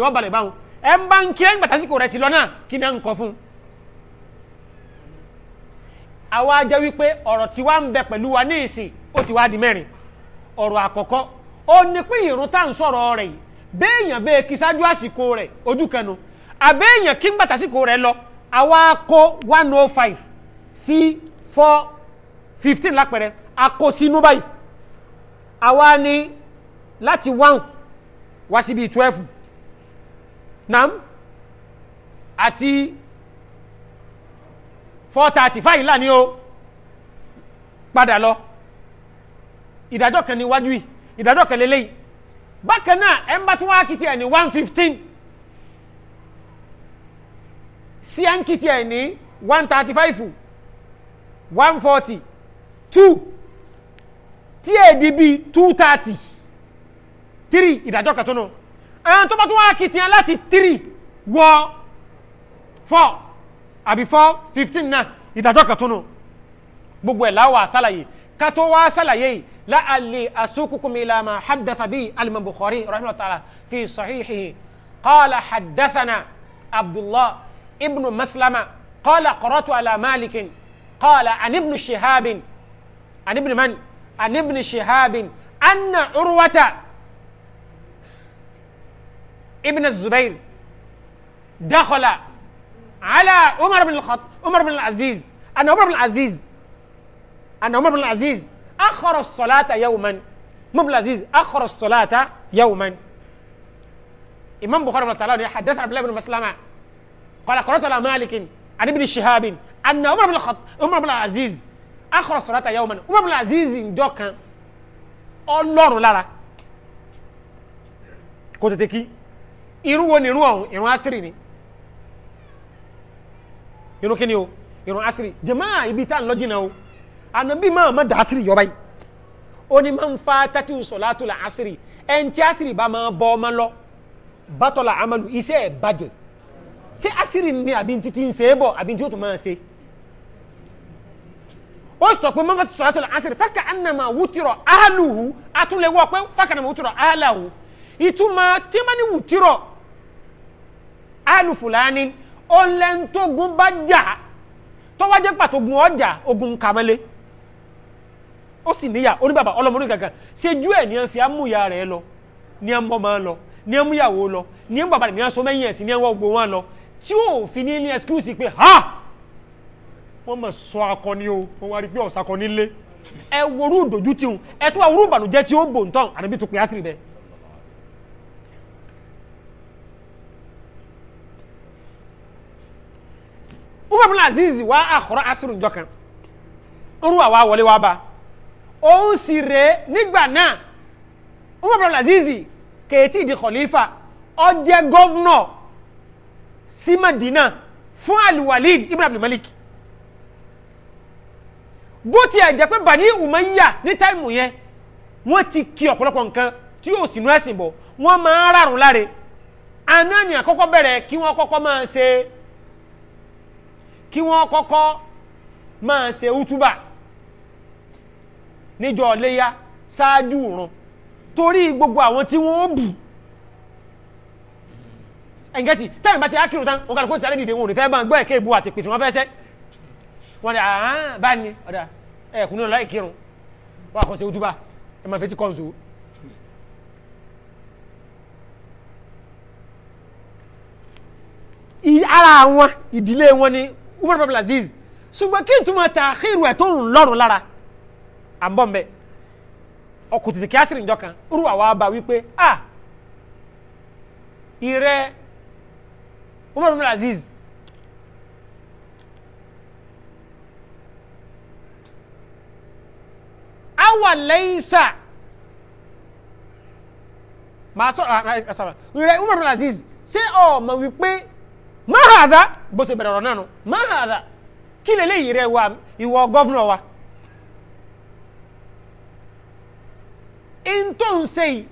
ẹ ń bá ń kí ẹ̀yìn ti lọ náà kí ni kọ àwa wa ní ìsìn ó ti wá di ó béèyàn bẹ́ẹ̀ kí ṣáájú àsìkò rẹ̀ ojú kanu àbẹ́ẹ̀yàn kí ń gbà tásìkò rẹ̀ lọ àwa kó one oh five sí four fifteen lápẹ̀rẹ̀ àkó sínú báyìí àwa ní láti one wá síbi twelve nam àti four thirty five lánìí o padà lọ ìdájọ́ kan níwájú yìí ìdájọ́ kan lélẹ́yìí bákan náà ẹnbàtí wọn akitì ẹni one fifteen sí ankitì ẹni one thirty five one forty two tí èdè bíi two thirty three ìdájọ́ kẹtùnú ẹn tó bá tún wọn akitì ẹ láti three wọ four àbí four fifteen náà ìdájọ́ kẹtùnú gbogbo ẹ̀ láwọ̀ àṣàlàyé ká wá àṣàlàyé yìí. لعلي أسوقكم إلى ما حدث به الإمام البخاري رحمه الله تعالى في صحيحه قال حدثنا عبد الله ابن مسلمة قال قرأت على مالك قال عن ابن شهاب عن ابن من؟ عن ابن شهاب أن عروة ابن الزبير دخل على عمر بن الخط عمر بن العزيز أن عمر بن العزيز أن عمر بن العزيز أخر الصلاة يوما مم العزيز أخر الصلاة يوما إمام بخاري رحمه الله حدثنا عبد الله بن مسلمة قال قرأت على مالك عن ابن شهاب أن عمر بن الخطاب عمر بن العزيز أخر الصلاة يوما عمر بن العزيز ńjọ́ Ọlọ́run lára kó tètè kí irun wo ni irun ọ̀hún irun asiri ni irun kí ni anabi máa ma da asiri yọba yìí ó ní máa tati sọ̀látù la asiri ẹn tí asiri bá máa bọ́ ọmọ lọ bàtọ̀ la amalu iṣẹ́ ẹ̀ bàjẹ́ ṣé asiri ni àbí títí ń ṣe é bọ̀ àbí tí ó tún máa ṣe ó sọ tati sọ̀látù la asiri fákà anama wútirọ̀ aluhu atúnlẹ̀wọ̀ pé fákà anama wútirọ̀ alahu ìtumọ̀ tí wọ́n ní wútirọ̀ alufulani ọ̀lẹ́ntogun bá jà tọ́wájẹ́ pàtó ogun ọjà ogun kàmẹ́lẹ́ ó sì níyà ó ní bàbá ọlọ́mọ orí kankan ṣéjú ẹ̀ ní ẹ fi amúyà rẹ̀ lọ ní ẹ mọ́ máa lọ ní ẹ múyàwó lọ ní ẹ bàbá rẹ̀ ní ẹ sọ mẹ́yìn ẹ̀sìn ní ẹ wọ́ gbogbo wọn lọ tí ò fi ní ní ẹsikúùsì pé ha wọ́n mọ̀ sọ akọni o wọ́n wá rí pé ọ̀sà akọni lé ẹ worú ìdójú tí wọn ẹ tún wà worú ìbànújẹ́ tí ó bò ń tán àdébí tó pè á sì rí bẹ́ẹ̀. umar bin aziz wa akhra asr njọ kan orúwà wa wọlé wa bá a òun sì rèé nígbà náà umar abdul azizi kèétí di khalifa ó jẹ́ gọ́vnọ̀ sí madina fún alwalid ibn abdul malik bó tiẹ̀ jẹ́ pé bani umayya ní táìmù yẹn wọ́n ti kí ọ̀pọ̀lọpọ̀ nǹkan tí yóò sínú ẹ̀sìn bọ̀ wọ́n máa ń rárun láre aná ni àkọ́kọ́ bẹ̀rẹ̀ kí wọ́n kọ́kọ́ máa ṣe kí wọ́n kọ́kọ́ máa ṣe útúbà níjọ́ léyà ṣáájú òrun torí gbogbo àwọn tí wọ́n bù ẹ̀ǹgẹ́tì tẹ́yìn bá ti ákìrò tán wọn kàlùkò ti sáré dìde wọn ò ní fẹ́ bá ń gbọ́ ẹ̀kẹ́ ìbú àtẹ̀pẹ̀ tí wọ́n fẹ́ sẹ́ wọn ni àhán bá ní ọ̀dà ẹ̀kún náà láì kírun wọn àkọsí ojúbà ẹ̀ máa fẹ́ ti kọ́ńsó. ara àwọn ìdílé wọn ni Umar Abdulaziz ṣùgbọ́n kí n túmọ̀ ta àkírò ẹ̀ tó ń lọ́rùn lára àbọ̀nbẹ ọkù tètè kí á sì rìn jọ kan rú àwa bá wípé a ìrẹ Umar bin Aziz awa lẹ́yìnsà màá sọ̀rọ̀ ìrẹ Umar bin Aziz ṣé ọmọ wípé máa hàdá bó ṣe bẹ̀rẹ̀ ọ̀rọ̀ náà nù máa hàdá kí lè lè yìí rẹ ìwọ gọ́vnọ̀ wa. tó ń ṣe yìí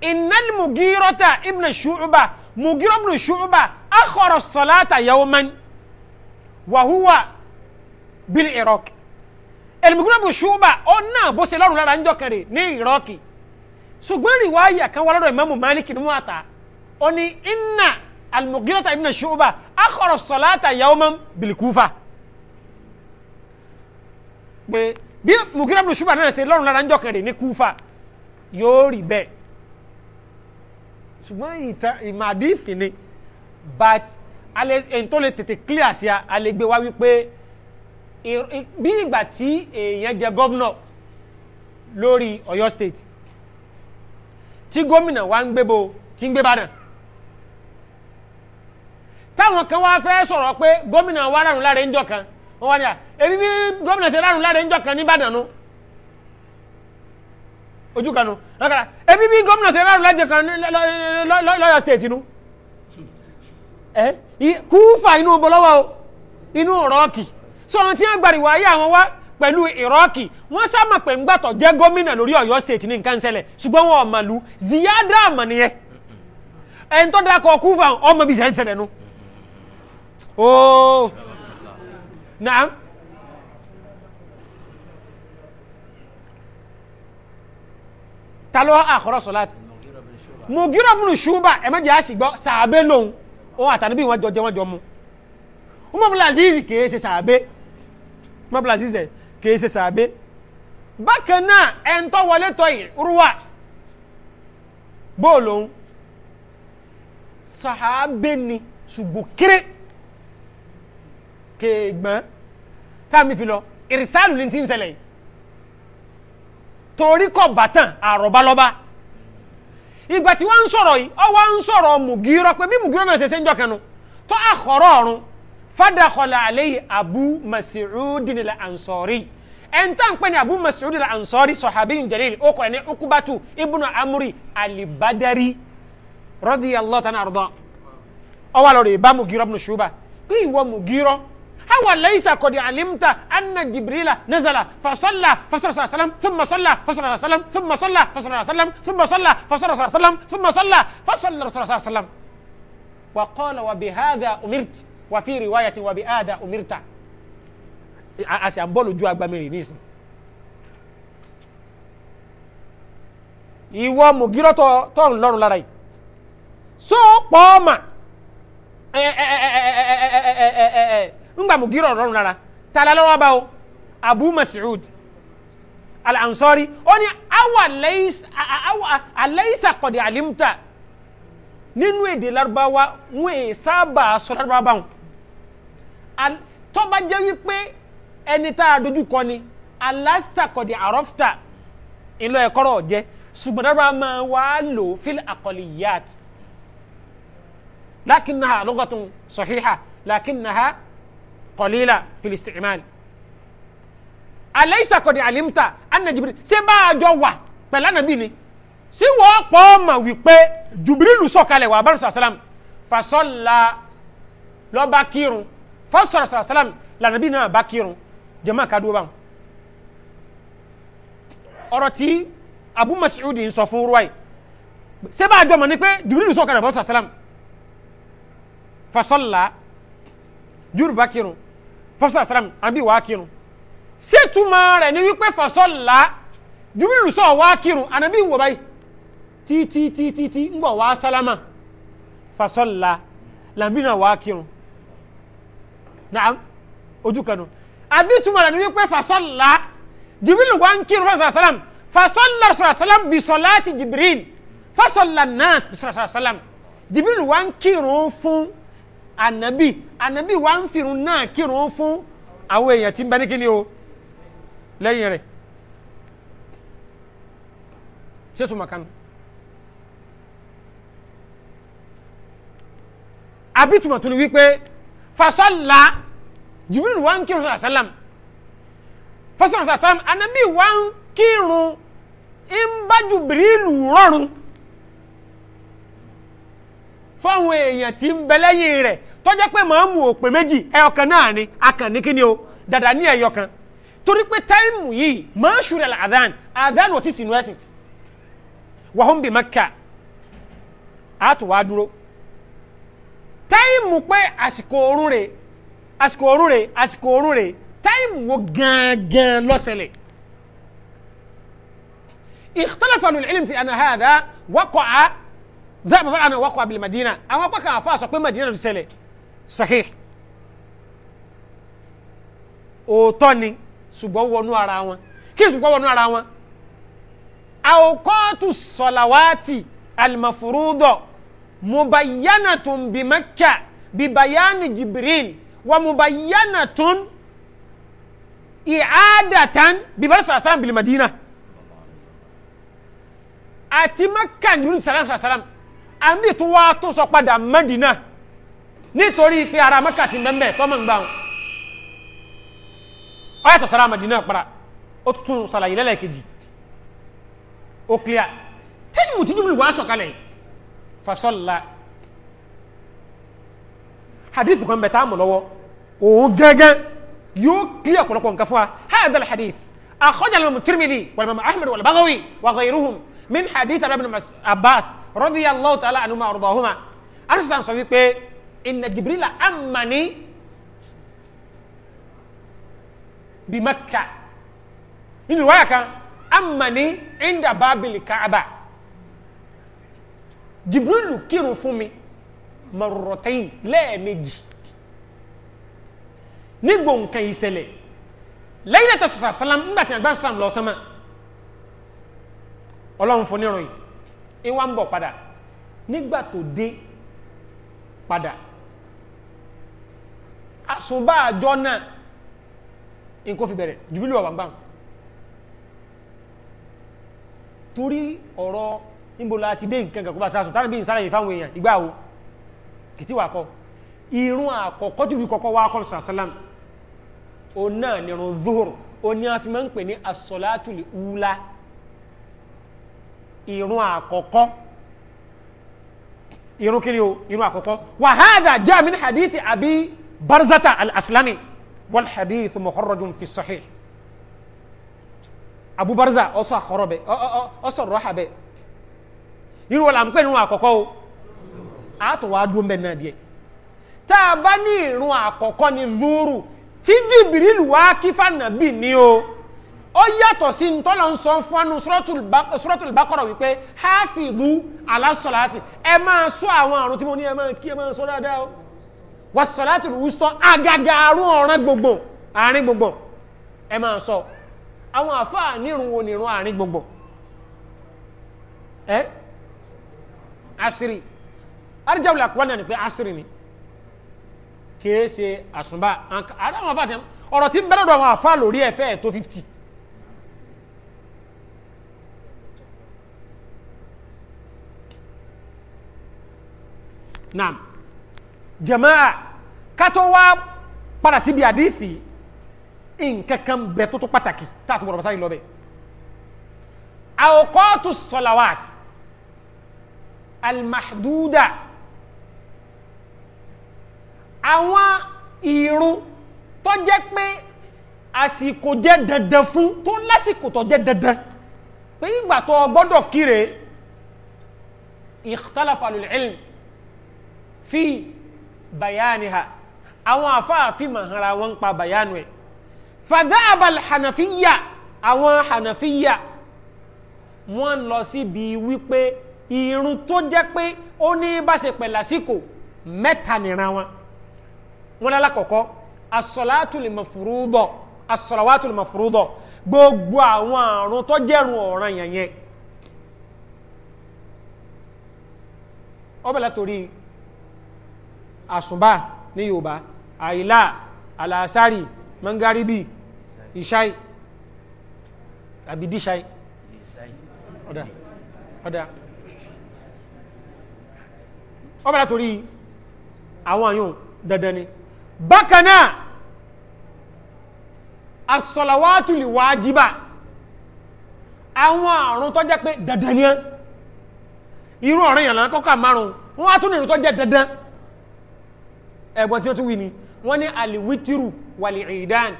innal mugirata ibn shu'ba mugira ibn shu'ba akhara salata yawman wa huwa bil iraq elmugira ibn shu'ba ọ̀nà bó ṣe lọ́rùn lára ń jọkẹrẹ ní iraq ṣùgbọ́n rìwáyà kan wà lọ́dọ̀ ìmáàmù malik ni wọ́n ta ó ní inna almugirata ibn shu'ba akhara salata yawman bil kufa pé bí mugira ibn shu'ba náà ṣe lọ́rùn lára ń jọkẹrẹ ní kufa yóò rí bẹ́ẹ̀ ṣùgbọ́n ìtàn ìmàdífì ni but ẹni tó lè tètè clear sí a a lè gbé wá wípé bí ìgbà tí èèyàn jẹ gọ́vnọ̀ lórí Ọ̀yọ́ state tí gómìnà wa ń gbébo tí ń gbébàdàn táwọn kan wá fẹ́ sọ̀rọ̀ pé gómìnà wa rárun láre ńjọ kan wọ́n wá ní à èmi ní gómìnà ṣe rárun láre ńjọ kan ní Ìbàdàn nu. No? ojú kanu lọ́kàrà bí gómìnà kan nu ẹ kúfà inú bọlọ́wọ́ o inú rọ́ọ̀kì sọ̀rọ̀ tí wọ́n gbàdìwọ̀ ayé àwọn wá pẹ̀lú ìrọ́ọ̀kì wọ́n sábà pẹ̀ ń gbàtọ̀ jẹ́ gómìnà lórí ọ̀yọ́ state ní nǹkan ṣẹlẹ̀ ṣùgbọ́n wọn ọ̀mà lu ziyada àmà nìyẹn ẹni tó dákọ̀ ta ló àkọ́rọ̀ sọ̀láàtì mugiro bin shuba ẹ̀mẹ́jẹ̀ àṣìgbọ́ sàbẹ́ lòun òun àtàníbí wọn jọ jẹ wọn jọ mu umar blazizi kìí ṣe sàbẹ́ umar blazizi kìí ṣe sàbẹ́ bákan náà ẹ̀ńtọ́ wọlé tọ́ yìí rúwà bóòlù òun sàbẹ́ ni ṣùgbọ́n kéré kéègbọ́n táàmì fi lọ ìrìsàlù ni ti ń ṣẹlẹ̀ yìí torí kọ bàtàn àrọ̀bálọ́bá ìgbà tí wọ́n ń sọ̀rọ̀ yìí ọwọ́ ń sọ̀rọ̀ mùgírọ́ pé bí mùgírọ́ náà ṣe ṣe ń jọ kanu tó àkọ́rọ̀ ọ̀run fadakola aleyhi abu mas'udin al-ansori ẹnta ń pè ní abu mas'udin al-ansori sahabiyun jalil ó kọ̀ ní ukubatu ibnu amuri alibadari radiyallahu ta'ala ọwọ́ àlọ́ rẹ̀ bá mùgírọ́ ibnu shuba pé ìwọ mùgírọ́ أوليس قد علمت أن جبريل نزل فصلى فصلى صلى الله عليه وسلم ثم صلى فصلى الله عليه وسلم ثم صلى فصلى الله عليه وسلم ثم صلى فصلى الله عليه وسلم ثم صلى فصلى رسول الله صلى الله عليه وسلم وقال وبهذا أمرت وفي رواية وبهذا أمرت àṣà ń bọ́ lójú agbamiri nísìn ìwọ mùgírọ́ tọ́ ń lọ́rùn lára yìí so pọ́ọ́mà ńgbà mugiro ọ̀rọ̀ rárá tala lọ́wọ́ bá o abu mas'ud al-ansari ó ní awa alaysa qad alimta nínú èdè larubawa wọn è sábà sọ larubawa báwọn tọ́ba jẹ́ wípé ẹni tá a dojú kọ ni alasta qad arafta ńlọ ẹ̀kọ́rọ̀ jẹ́ ṣùgbọ́n larubawa máa wá lò fil aqaliyat lakinnaha lugatun sahiha lakinnaha kọlila filistimal alayisa kọdi alimta anna jibiri ṣé bá a jọ wà pẹ̀lú anabi ni sí wọ́n pọ̀ mà wípé jubirilu sọ̀kalẹ̀ wà abánu sàlám fasọ́la lọ́ba kírun fasọ́la sàlám lànàbí náà bá kírun jẹ́mọ́ àkàdúró báwọn. ọ̀rọ̀ tí abu mas'udi ń sọ fún ruwai ṣé bá a jọ mà ní pé jubirilu sọ̀kalẹ̀ wà abánu sàlám fasọ́la juru bá fọ́sítà sàrám àbí wàá kírun ṣètùmọ̀ rẹ̀ ni wípé fasọ́lá júbìlù sọ wàá kírun ànábì wò báyìí títítítítí ń bọ̀ wàá sálámà fasọ́lá làmínà wàá kírun naam ojú kanu àbí túmọ̀ rẹ̀ ni wípé fasọ́lá júbìlù wàá ń kírun fọ́sítà sàrám fasọ́lá sọ̀rọ̀ sàrám bisọ́láti jibril fasọ́lá náà sọ̀rọ̀ sàrám jibril wàá ń kírun fún ànábì ànábì wa ń fìrun náà kírun fún àwọn èèyàn tí ń bẹ ní kíni o lẹ́yìn rẹ̀ ṣé tó màkánu. àbí tùmọ̀ tó ni wípé fasọ́là Jibril wa ń kírun sọ̀rọ̀ sálàm fasọ́là sọ̀rọ̀ sálàm ànábì wa ń kírun ń bá Jibrilu rọrùn fáwọn èèyàn tí ń bẹ lẹ́yìn rẹ̀ tọ́jẹ́ pé màámù ò pé méjì ẹyọkan náà ni akànní kí ni o dàdà ní ẹyọkan torí pé táìmù yìí máa ń ṣúrẹ̀ àdán àdán ò ti sìnú ẹ̀sìn wàhùn bí maka àtúwá dúró táìmù pé àsìkò oorun rè àsìkò oorun rè àsìkò oorun rè táìmù wo gangan lọ́sẹ̀lẹ̀ ikhtalafa lul ilm fi anna hadha waqa'a dáàbò bá àná wákò abil madina àwọn apá kan àfa sọ pé madina ló ti ṣẹlẹ̀ sahih òótọ́ ni ṣùgbọ́n wọnú ara wọn kí ni ṣùgbọ́n wọnú ara wọn àwòkọ́tù sọ̀làwátì alimafuruudọ̀ mubayyanatun bi makka bibayani jibril wa mubayyanatun i'adatan bibar sàlám bil madina àti makka jibril sàlám àmì tó wá tó sọ padà Mẹ́dínà nítorí pé ara Mẹ́kà ti mẹ́mẹ́ tọ́mọ̀ ń gbà wọn ọ yàtọ̀ sára Mẹ́dínà para ó tún sàlàyé lẹ́lẹ́kejì ó clear tẹ́lẹ̀ mú tíjú wá sọ̀kalẹ̀ fasọ́lá hadith kan bẹ̀ tá a mọ̀ lọ́wọ́ òun gẹ́gẹ́ yóò clear ọ̀pọ̀lọpọ̀ nǹkan fún wa hadal hadith akhrajahu al-Tirmidhi wal-Imam Ahmad min hadith Ibn Abbas radiyallahu ta'ala anuma ọ̀rọ̀dọ̀húnmá arúgbó sọ wípé inna jibrila amani bi makka nínú ìwáyà kan amani inda babili kaaba jibrilu kírun fún mi marrotain lẹ́ẹ̀mejì nígbò nǹkan ìṣẹ̀lẹ̀ lẹ́yìn ẹ̀tọ́ sàlám nígbà tí àgbà sàlám lọ sánmà ọlọ́run fún nírun yìí ń wá ń bọ̀ padà nígbà tó dé padà àsùnbà àjọ náà nǹkan fi bẹ̀rẹ̀ jùbílù àwàgbàm torí ọ̀rọ̀ ìbòlá àti dé nǹkan kẹ̀kọ́ bá sásùn tánàbí ìsára yìí fáwọn èèyàn ìgbà wo kìtì wà kọ irun àkọ́kọ́ jùbí kọ́kọ́ wà kọ́ sàsálàm òun náà nìrun zuhur òun ni a fi máa ń pè ní asọ́látùlì ula ìrun àkọ́kọ́ ìrun kí ni o ìrun àkọ́kọ́ wa hadha jaa min hadithi abi barzata al-aslami wal hadithu mukharrajun fi sahih abu barza ọsọ àkọrọ bẹ ọsọ rọha bẹ irú wọn là ń pè nínú àkọ́kọ́ o àtọ̀wá dúró mbẹ́ náà díẹ̀ tá a bá ní ìrun àkọ́kọ́ ni zuru tí jìbìrìlù wá kí fànàbì ni o ó yàtọ̀ sí ntọ́lọ̀ ń sọ fún ẹnu suratul baqara wípé hafizu ala salati ẹ máa sọ àwọn àrùn tí mo ní ẹ máa kí ẹ máa sọ dáadáa o wà salatul wusta agaga àrùn ọ̀ràn gbogbo àárín gbogbo ẹ máa sọ àwọn àfáà nírun wo nírun àárín gbogbo ẹ asiri arijawul akwani ni pé asiri ni kìí ṣe àsùnbà àwọn àfáà tẹ ọ̀rọ̀ tí ń bẹ́rẹ̀ dọ̀ àwọn àfáà lórí ẹ̀fẹ́ tó fifty. naam jamaa kátó wá padà síbi àdífì nkankan bẹ tó tó pàtàkì táàtù bọ̀rọ̀ sáyé lọ́bẹ̀ àwòkọ́tù sọ̀làwàt almahduda àwọn ìrun tó jẹ́ pé àsìkò jẹ́ dandan fún tó lásìkò dandan pé ìgbà tó gbọ́dọ̀ kíre ikhtalafa lil ilm fi bayaniha àwọn àfáàfin mahara wọn pa bayanu ẹ fadaabal hanafiya àwọn hanafiya wọn lọ síbi wípé irun tó jẹ pé ó ní báṣe pẹ̀ lásìkò mẹ́ta nìran wọn wọn lálákọ̀ọ́kọ́ asọ̀látùlì mọ̀fúrúdọ̀ asọ̀làwátùlì gbogbo àwọn àrùn tó jẹ́rùn ọ̀ràn yẹn yẹn ọbẹ̀ látòrí àsùnbà ní yorùbá àìlà àlàásárì mangaribi ìṣáì àbí díṣáì ọ̀dà ọ̀dà ọ̀bàdà torí àwọn àyùn dandan ni bákan náà asọ̀làwátùlì wájíbà àwọn àrùn tó jẹ́ pé dandan ni irú ọ̀rẹ́yàn lọ́nà kọ́kà márùn-ún wọ́n á tún nìrù tó jẹ́ dandan ẹ̀gbọ́n tí ó tún wí ni wọ́n ní aliwitiru walidan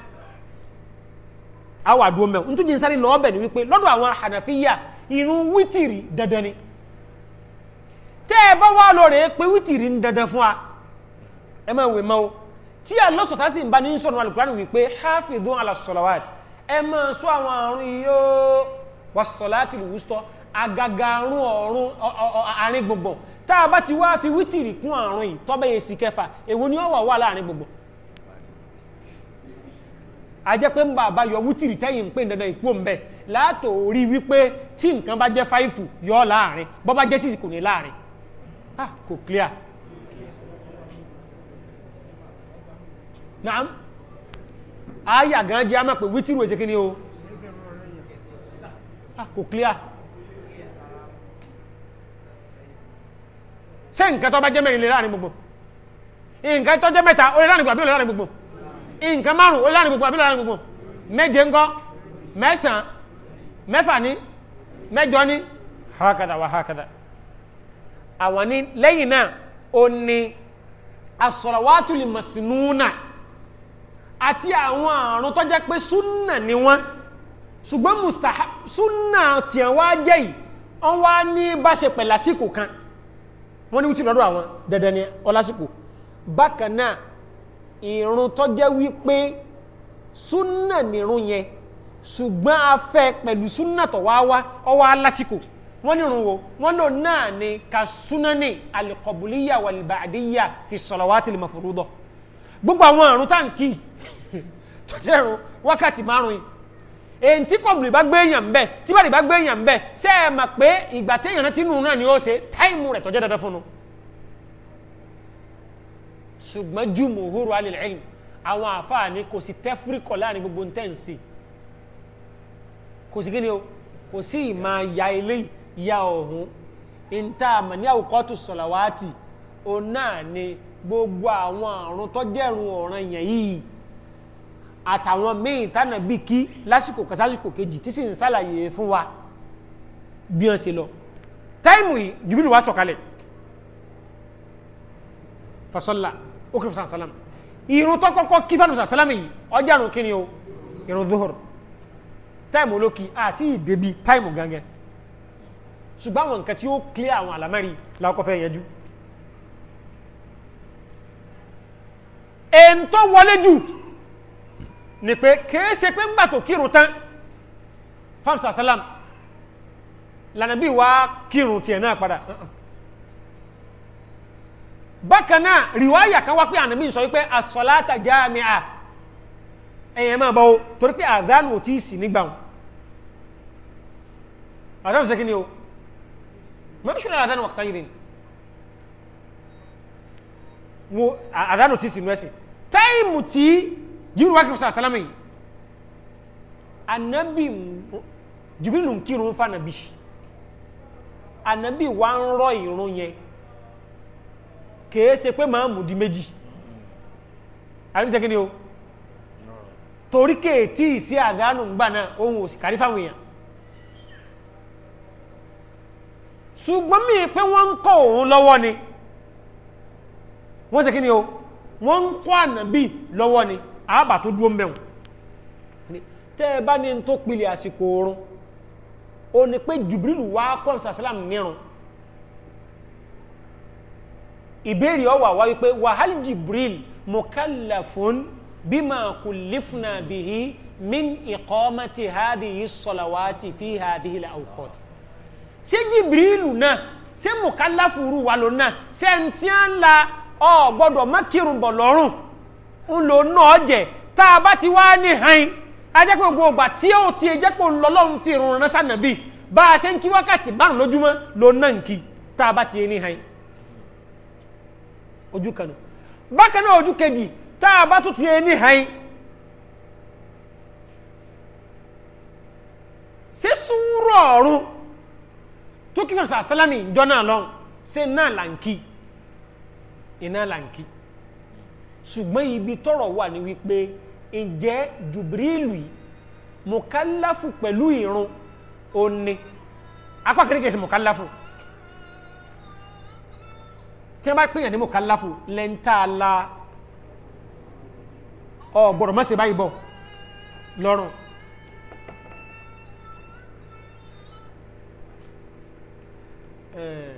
awa dùn mẹ́wọ̀n ntúndì nsáré lọ́ọ́bẹ̀ ni wípé lọ́dọ̀ àwọn hànàfíyà irun wítìrì dandan ni tẹ́ ẹ bá wà lọ́rẹ̀ẹ́ pé wítìrì ń dandan fún wa ẹ máa wè máa o tí alọ́sọ̀tà sì ń bá ní sọ̀rọ̀ alukuraani wípé hafidun ala salawat ẹ máa sọ àwọn àrùn yìí ó wà sọ̀láàtì lùwùsọ̀ agagarun ọ̀run àárín gbùngbùn tá a bá ti wá fi wítìrì kún àrùn yìí tọ́bẹ̀ yẹn sì kẹfà èwo ni ó wà wà láàrin gbùngbùn a jẹ́ pé ń bá àbá yọ wítìrì tẹ́yìn ń pè dandan ìpò ń bẹ̀ látò wípé tí nǹkan bá jẹ́ fáìfù yọ láàrin bọ́ bá jẹ́ clear naam a máa pè wítìrì o kò clear se nǹkan tó bá jẹ́ mẹ́rin lè láàrin gbogbo nǹkan tó jẹ́ mẹ́ta ó lè láàrin gbogbo àbí ó lè láàrin gbogbo nǹkan márùn ó lè láàrin gbogbo àbí ó lè láàrin gbogbo méje ńkọ́ mẹ́sàn-án mẹ́fà ní mẹ́jọ ní hákàdà wà hákàdà àwọn ní lẹ́yìn náà ó ní asọ̀rọ̀wátùlì màsínúnà àti àwọn àrùn tó jẹ́ pé súnà ni wọ́n ṣùgbọ́n mustahab súnà tiẹ̀ wá jẹ́ yìí wọ́n wá ní báṣepẹ̀ lásìkò kan wọ́n ní wítì lọ́dọ̀ àwọn dandan ni ọlásìkò bákan náà ìrun tó jẹ́ wípé súnà nìrun yẹn ṣùgbọ́n a fẹ́ pẹ̀lú súnà tó wá wá ọwọ́ alásìkò wọ́n ní ìrun wo wọ́n lò náà ni ka súnà ní alìkọ̀bùlíyà wàlìbàdíyà fi sọ̀làwátì lè mọ̀fòrúdọ̀ gbogbo àwọn àrùn táǹkì tó jẹ́ wákàtí márùn-ún èyí tí kọ̀bùlì bá gbé èèyàn bẹ́ẹ̀ tí bàdì bá gbé èèyàn bẹ́ẹ̀ ṣé ẹ mà pé ìgbà téèyàn rántí nù náà ni ó ṣe táìmù rẹ̀ tọ́jọ́ dandan fún un. ṣùgbọ́n jumhuru alil ilm àwọn àfààní kò sí tẹ́fúríkọ̀ láàrin gbogbo ń tẹ́ǹsì kò sí kí ni o kò sí ìmọ̀ ya ilé ya ọ̀hún ìta àmọ̀ ní àwòkọ́tù sọ̀làwátì òun náà ni gbogbo àwọn àrùn tọ́jẹ́rùn ọ̀ràn yẹn yìí àtàwọn míì tánà bí kí lásìkò kásásìkò kejì tí sì ń sàlàyé fún wa bí wọ́n ṣe lọ táìmù yìí jùbílù wá sọ̀kalẹ̀ fasọ́là ó kìrì fún sàlámù irun tó kọ́kọ́ kí fánù sàlámù yìí ọjà àrùn kí ni o irun dóhùrù táìmù olókì àti ìdèbí táìmù gangan ṣùgbọ́n àwọn nǹkan tí ó clear àwọn àlámẹ́rin lákọ́ fẹ́ yẹjú èyí tó wọlé jù ni pé kìí ṣe pé ńgbà tó kírun tán fáwọn sàlám lànà bí wàá kírun tiẹ̀ náà padà bákan náà rìwáyà kan wá pé ànàbí sọ wípé asọ́láta jáàmìà ẹ̀yẹn máa bọ́ o torí pé àdánù ò tí ì sì nígbà wọn àdánù ṣe kí ni o mọ́ṣúná àdánù wà sáyé ni àdánù tí ì sì nú ẹ̀sìn táìmù tí jibiru wa kiri salami, anabi jibiru ń kírun fa nàbí anabi wa ń rọ ìrun yẹn kèé ṣe pé máa mú di méjì àbí sẹ́kìnì o torí kéètì ìsí àdánù ń gbà náà ohun òsì kárí fáwọn èèyàn ṣùgbọ́n mí pé wọ́n ń kọ́ òun lọ́wọ́ ni wọ́n ṣe o wọ́n ń kọ́ ànábì lọ́wọ́ ni àbà tó dúró mẹ́wọ̀n tẹ́ ẹ bá ní tó pilẹ̀ àsìkò oorun o ní pé Jibril wá kọ́ọ̀nù sàṣálàm nírun ìbéèrè ọwà wá wípé wàhálì Jibril mukallafun bima kullifna bihi min iqamati hadhihi salawati fi hadhihi al-awqat ṣé Jibril náà ṣé mukallafuru wà lónà ṣé ntí ń la ọ gbọ́dọ̀ má bọ̀ lọ́rùn ń lò náà jẹ tá a bá ti wá ní hain ajẹ́pẹ́ gbogbo ọgbà tí ó ti jẹ́ pé ńlọ́lọ́run fi ìrun rán sànàbí bá a ṣe ń kí wákàtí márùn lójúmọ́ ló náà ń tá a bá ti ní hain ojú kan bákan náà ojú kejì tá a bá tún ti ní hain ṣé súnrọ̀ ọ̀run tó kí sọ̀sà sálánì ìjọ náà lọ ṣe náà là ń kí iná là ń kí ṣùgbọ́n ibi tọ́rọ̀ wà ní wípé ǹjẹ́ jùbírílù mùkálàfù pẹ̀lú ìrun ó ní apá kérékèé ṣe mùkálàfù tí wọ́n bá pèèyàn ní mùkálàfù lẹ́ńtà la ọ̀gbọ̀rọ̀ mọ́sẹ̀ báyìí bọ̀ lọ́rùn Eh,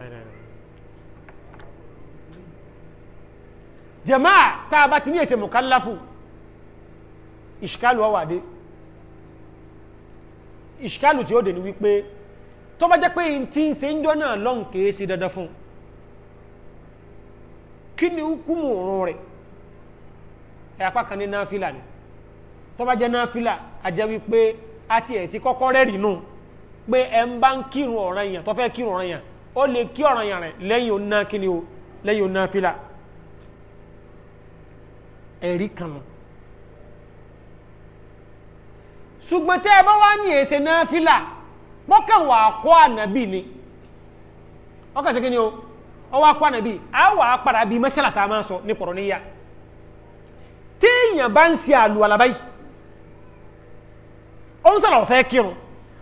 I don't know. jama'a tá a bá ti ní èsè mùkálàfù ìṣkálù ọwàdé ìṣkálù tí ó dè ní wípé tó bá jẹ́ pé n tí ń ṣe ń jọ náà lọ́n kèé ṣe dandan fún kí ni hukumu òrùn rẹ̀ ẹ̀ apá kan ní náfìlà ni tó bá jẹ́ náfìlà a jẹ́ wípé a ti ẹ̀ ti kọ́kọ́ rẹ̀ rìnnú pé ẹ̀ ń bá ń kírun ọ̀ranyàn tó fẹ́ kírun ọ̀ranyàn ó lè kí ọ̀ranyàn rẹ̀ lẹ́yìn oná kíni o lẹ́yìn oná fìlà ẹ̀rí kan mọ́ ṣùgbọ́n tẹ́ ẹ bá wá ní èsè náà fílà bọ́kàn wà kọ́ ànàbì ni ọkàn ṣẹ́kí ni o ọwọ́ akọ́ ànàbì a wà padà bí mẹ́sàlá tá a máa sọ ní pọ̀rọ̀ níyà téèyàn bá ń ṣe àlù àlàbáyì ó ń sọ̀rọ̀ ọ̀fẹ́ kírun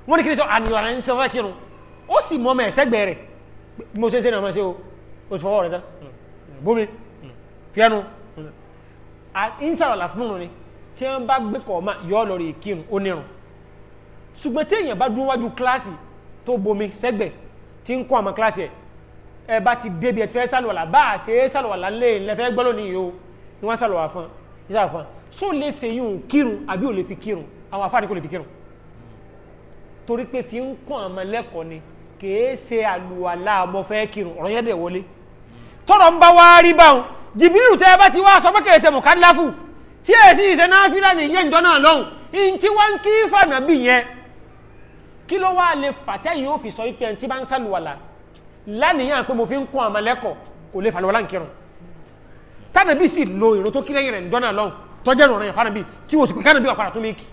wọ́n ní kí ni sọ àlù àlàyé ń sọ ọ̀fẹ́ kírun ó sì mọ ọmọ ẹ̀sẹ́gbẹ̀ẹ́ rẹ̀ mo ṣe ń ṣe ní ọmọ ṣe o o ti fọwọ́ rẹ̀ tán hmm. hmm. bómi hmm. fíẹ́nu ìsàlọ̀là fún un ni tí wọ́n bá gbé kọ̀ ọ̀ma yọ lọ́rọ̀ ìkírun ó nírun ṣùgbọ́n téèyàn bá dún wájú kíláàsì tó bomi sẹ́gbẹ̀ tí ń kọ́ ọmọ kíláàsì ẹ̀ ẹ bá ti débi ẹ ti fẹ́ sàlọ̀là bá a ṣe é sàlọ̀là ńlẹ̀ e, ńlẹ́fẹ́ gbọ́lọ́ ní yòó ni wọ́n sàlọ̀là fún un so lè fi yún kírun àbí ò lè fi kírun àwọn afáàní kò lè fi kírun torí pé fi ń kọ́ ọmọ lẹ́kọ̀ọ́ ni kèé ṣe àlùwàlà àbọ̀fẹ́ kírun ọ̀rọ̀ yẹn dẹ̀ wọlé tọ́rọ̀ ń bá wá rí báwọn jìbìrìlù tẹ́ ẹ bá ti wá sọ pé kèése mùkálàfù tí ẹ sì ṣe náà fílà ní yẹn ìjọ́nà lọ́hùn in tí wọ́n ń kí fànà bí yẹn kí ló wá lè fàtẹ́yìn ó fi sọ pé ẹni tí bá ń sàlùwàlà lánìyàn pé mo fi ń kún àmàlẹ́kọ̀ kò lè fàlùwàlà ń kírun tánàbí sì lo ìró tó kí lẹ́yìn rẹ̀ ìjọ́nà lọ́hùn tọ́jẹ́ ìrọ̀rùn yẹn fánàbí tí wọ́n sì pé kánàbí wà padà tó méèkì.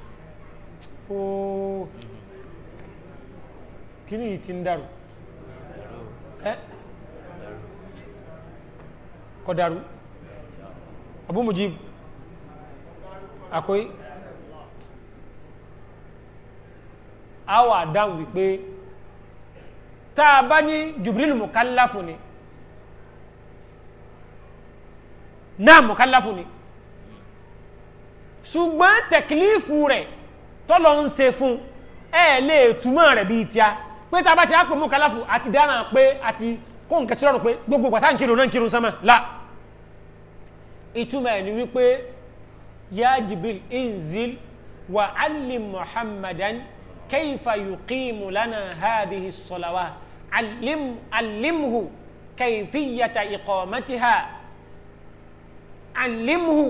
kí ni kọ́dárú Abu Mujib àkóyí a wà dáhùn tá a bá ní Jibril mùkálàfù ni náà mùkálàfù ni ṣùgbọ́n tẹ̀kìlífù rẹ̀ tọ́lọ ń ṣe fún ẹ̀ lè túmọ̀ rẹ̀ bíi tíá pé tá a bá ti á pè mùkálàfù àti dáná pé àti kó nǹkan sí lọ́rùn pé gbogbo pàtàkì ń kírun náà ń kírun sánmà la ìtumọ̀ ẹ̀ ni wípé ya jibril inzil wa alim muhammadan kayfa yuqimu lana hadhihi sọlawa alimhu kayfiyata iqamatiha alimhu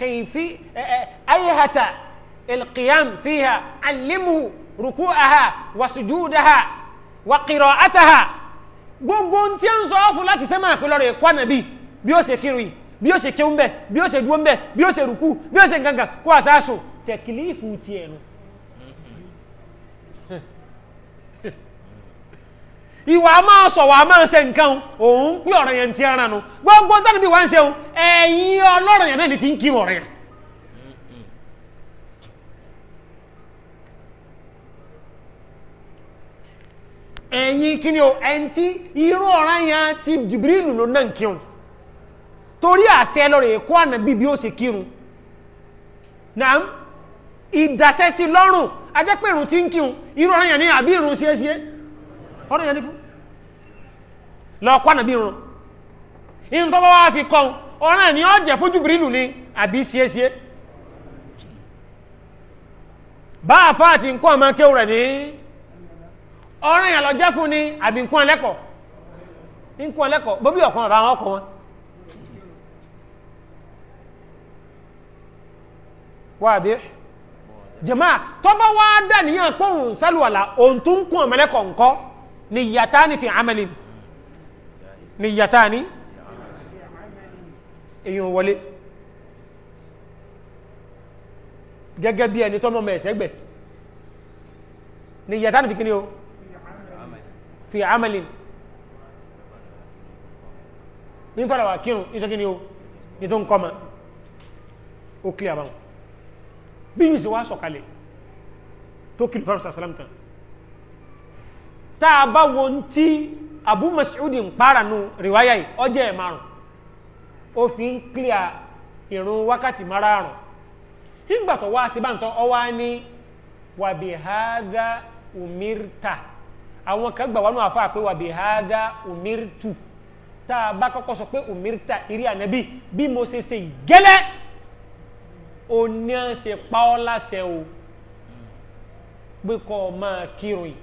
kayfi eh, eh, ayhata القيام فيها علمه ركوعها وسجودها وقراءتها gbogbo ń tí ń sọ ọ́ fún láti sẹ́ máa pè lọ́rọ̀ ẹ̀kọ́ ànàbí bí ó ṣe kírun bí ó ṣe kéwú mbẹ bí ó ṣe dúró mbẹ bí ó ṣe rùkú bí ó ṣe nǹkankan kó àṣàṣù tẹ̀kìlífù tiẹ̀ nu. ìwà máa sọ̀wọ́ a máa ṣe nǹkan òun pé ọ̀rọ̀ yẹn ti ara nu gbogbo ń tàbí ń ṣe ẹ̀yìn ọlọ́rọ̀ yẹn náà ni ti ń kírun ọ̀rọ̀ yẹn. ẹ̀yin kí ni o ẹni tí irú ọ̀ràn yẹn ti jìbìrìlù ló náà kírun torí àṣẹ lọ́rọ̀ èkó ànábì bí ó ṣe kírun náà ìdásẹ́sí lọ́rùn ajẹ́pẹ́ ìrùn tí ń kírun irú ọ̀ràn yẹn ni àbí ìrùn ṣeéṣeé ọ̀ràn yẹn ni fún lọ́ọ̀kọ́ ànábì ìrùn ìrùn tó bá wá fi kọ́ ọ̀ràn ni ó jẹ́ fún jìbìrìlù ni àbí ṣeéṣeé bá àfáà ti ń kọ́ ọmọ kéwù rẹ̀ ní ọ̀ràn yàn lọ jẹ́ fún ni àbí nǹkan ẹlẹ́kọ̀ọ́ nǹkan ẹlẹ́kọ̀ọ́ bóbí ọ̀kan ọ̀rọ̀ àwọn ọkọ̀ wọn. wáàdé jẹ̀má tọ́ba wá dà níyàn pé òun sálùwàlà òun tó ń kún ọ̀mẹ́lẹ́kọ̀ọ́ nǹkọ́ ni yàtá ni fi amẹ́lì ni yàtá ni èyí ò wọlé gẹ́gẹ́ bí ẹni tọ́mọ mẹ́sẹ̀gbẹ̀ ni yàtá ni fi kí ni o fi amalin ní fara wà kírun ní sọ́kí ni ó ní tó ń kọ́ ma ó kílẹ̀ àbáwọn bí yìí sì wá sọ̀kalẹ̀ tó kìlù fẹ́ràn sàṣàlám tán tá a bá wo tí abu mas'udin páranu riwaya yìí ọjọ́ márùn ó fi ń kílẹ̀ ìrun wákàtí márùn nígbà wá sí báńtọ́ ọ wá ní wàbíhádá umirta àwọn kan gbà wánú àfa àpéwà bí hádá umirtu tá a bá kọ́kọ́ sọ pé umirta irí ànábì bí mo ṣe ṣe gẹ́lẹ́ o ní à ń ṣe pa ọ́ láṣẹ o pé kọ́ máa kírun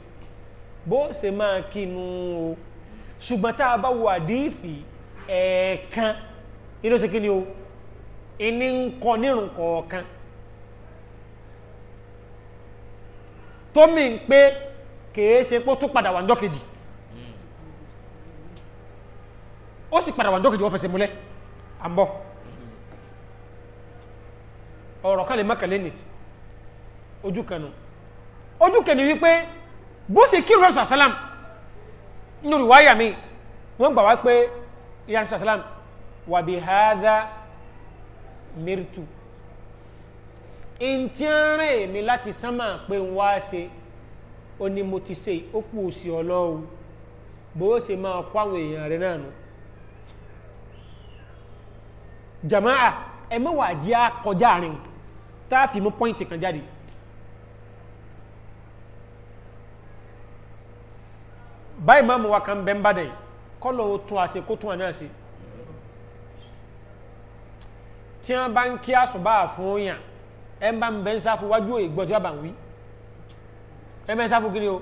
bó ṣe máa kínú o ṣùgbọ́n tá a bá wo àdífì ẹ̀ẹ̀kan inú ṣe kí ni o ìní ń kọ nírun kọ̀ọ̀kan tómi ń pé kèé ṣe pé ó tún padà wà ńjọ́ kejì ó sì padà wà ńjọ́ kejì wọ́n fẹsẹ̀ múlẹ̀ à ń bọ̀ ọ̀rọ̀ kan lè mọ́kànlé nì ojú kanu ojú kanu wípé bó ṣe kí rẹ̀ sàsálàm nínú ìwáyà mi wọ́n gbà wá pé ìyá sàsálàm wà bí hádá mẹ́rìtù ìntìrìn mi láti sánmà pé ń wá ṣe ó ní mo ti ṣe ó kú òsì ọlọ́run bó ṣe máa kó àwọn èèyàn rẹ náà nù. jamaa ẹ mẹ́wàá di akọjá àárín tá a fi mú pọ́ìntì kan jáde. báyìí máa mú wa kan bẹ́ẹ̀ ń bá dẹ̀ kọ́lọ̀ ó tún àṣẹ kó tún àná àṣẹ. tí wọ́n bá ń kí àṣùbà fún yàn ẹ̀ ń bá ń bẹ́ ń sáfù wájú ìgbọ́jọ́ àbàwí ẹmẹ́ sáfù kí ni o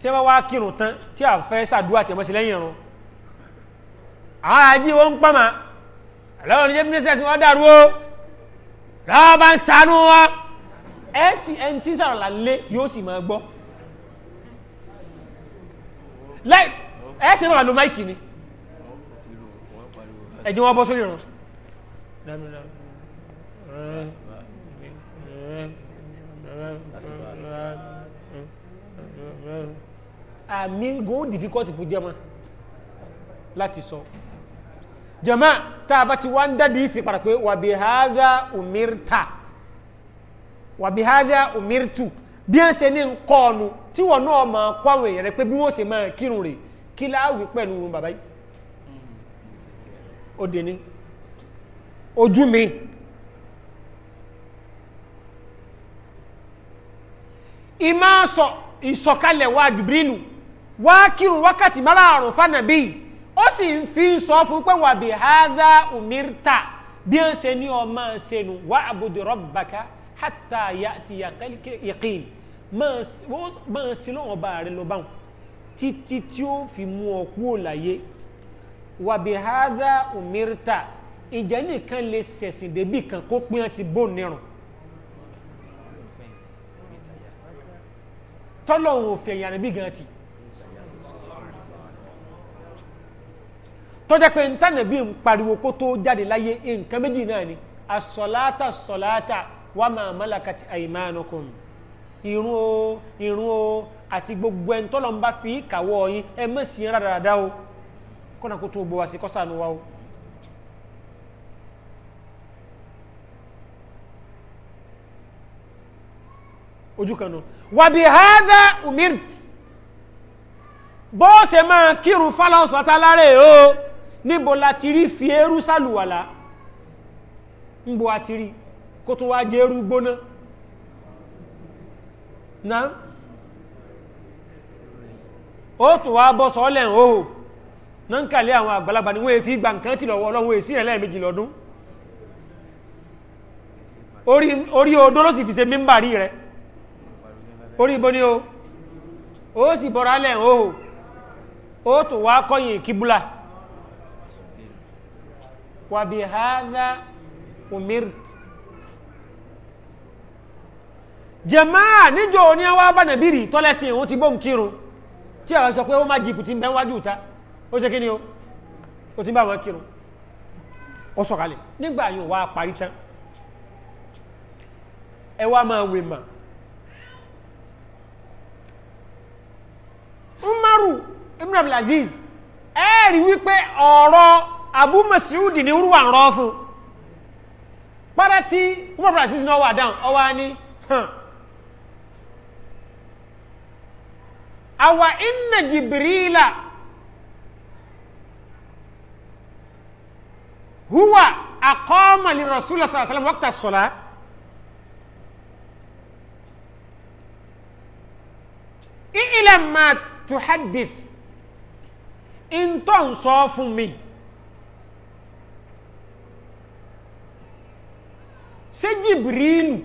tí wọ́n wá kírun tán tí a fẹ́ sàdúrà tí a mọ́sí lẹ́yìn ọ̀run àwọn àjí wọn ń pàmà lọ́wọ́n níjẹ́ mínísítẹ̀sì wọn dàrú o lọ́wọ́ bá ń ṣàánú wa ẹ sì ẹ ń tí sàrọ̀ là lé yóò sì máa gbọ́ láì ẹ sì máa lo máìkì ni ẹ̀jẹ̀ wọn bọ́ sórí ìrun àmì gòó difficult fún jẹ́mọ́ láti sọ jẹ́mọ́ tá a bá ti wá ń dádì ìfì padà pé wàbí háza umirta wàbí háza umirtu bí ẹ ṣe ní nǹkan ọ̀nù tí wọ́n náà máa kọ́ àwọn èèyàn rẹ pé bí wọ́n ṣe máa kírun rẹ̀ kí láàwì pẹ̀lú bàbá yìí ó dé ní ojú mi ìmá sọ ìsọ̀kalẹ̀ wa jùbírílù wá kírun wákàtí márààrún fànàbí ó sì ń fi sọ fún pé wà bí hádà umirta bí ó ṣe ní ọmọ ṣẹnu wà àbùdù rọ́bàkà hátà yàtì yàkín máa sí lọ́wọ́ bá rẹ lọ báwọn títí tí ó fi mú ọ kúrò láyé wà bí hádà umirta ìjẹ́ nìkan lè ṣẹ̀sìn débì kan kó pín àti bóun nírun tọ́lọ́hún òfin ẹ̀yàn níbí gan ti tọ́jà pé ntànàbí ń pariwo kó tó jáde láyé nǹkan méjì náà ni asọ̀láta sọ̀láta wà máa mọ́làkàtì àìmánukùn irun o irun o àti gbogbo ẹni tọ́lọ́ ń bá fi kàwọ́ yín ẹ mọ̀ sí rárá dáadáa o kọ́nà kó tó gbọ́ wá sí kọ́sàánú wa o. ojú kan umirt bọ́ọ̀sẹ̀ máa kírun fálọ́sọ̀ tálárẹ̀ o níbo láti rí fi eérú sálùwàlá ń bo àti rí kó tún wá eérú gbóná na ó tún wá bọ́ sọ́ọ́lẹ̀ ń náà ń àwọn àgbàlagbà orí ibo ni o ó sì bọ́ra lẹ̀ ń hò ó tún wá kọ́yìn kíbúlà wàbí hádà umirt jẹ̀máà níjọ́ ní àwọn abánàbírì tọ́lẹ́sìn òun ti bóun kírun tí àwọn sọ pé ó má jìbìtì ń bẹ́ wájú ta ó ṣe kí ni o ó ti bá wọn kírun ó sọ̀kalẹ̀ nígbà yóò wá parí tán ẹ máa wè mà ibn abdulaziz ẹ rí wípé ọ̀rọ̀ abu masiudi ni urwa ń rọ́ fún padà tí umar abdulaziz náà wà dáhùn ọwọ́ á ní àwa inna jibrila huwa aqama li rasulillah sallallahu alaihi wasallam waqta as ń tọ́ ń sọ fún mi ṣé jìbìrìlù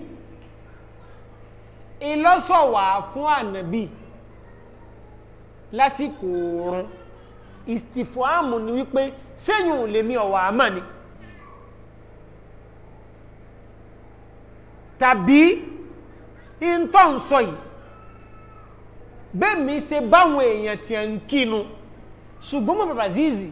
ìlọ́sọ̀wà fún ànàbí lásìkò oorun ìsìtìfọ́àmù ni wípé sẹ́yìn ò lè mi ọ̀wà àmà ni tàbí ìntọ́ ń sọ yìí bẹ́ẹ̀ mi ṣe báwọn èèyàn tí a ń kínu. No ṣùgbọ́n mọ̀ bàbá zizi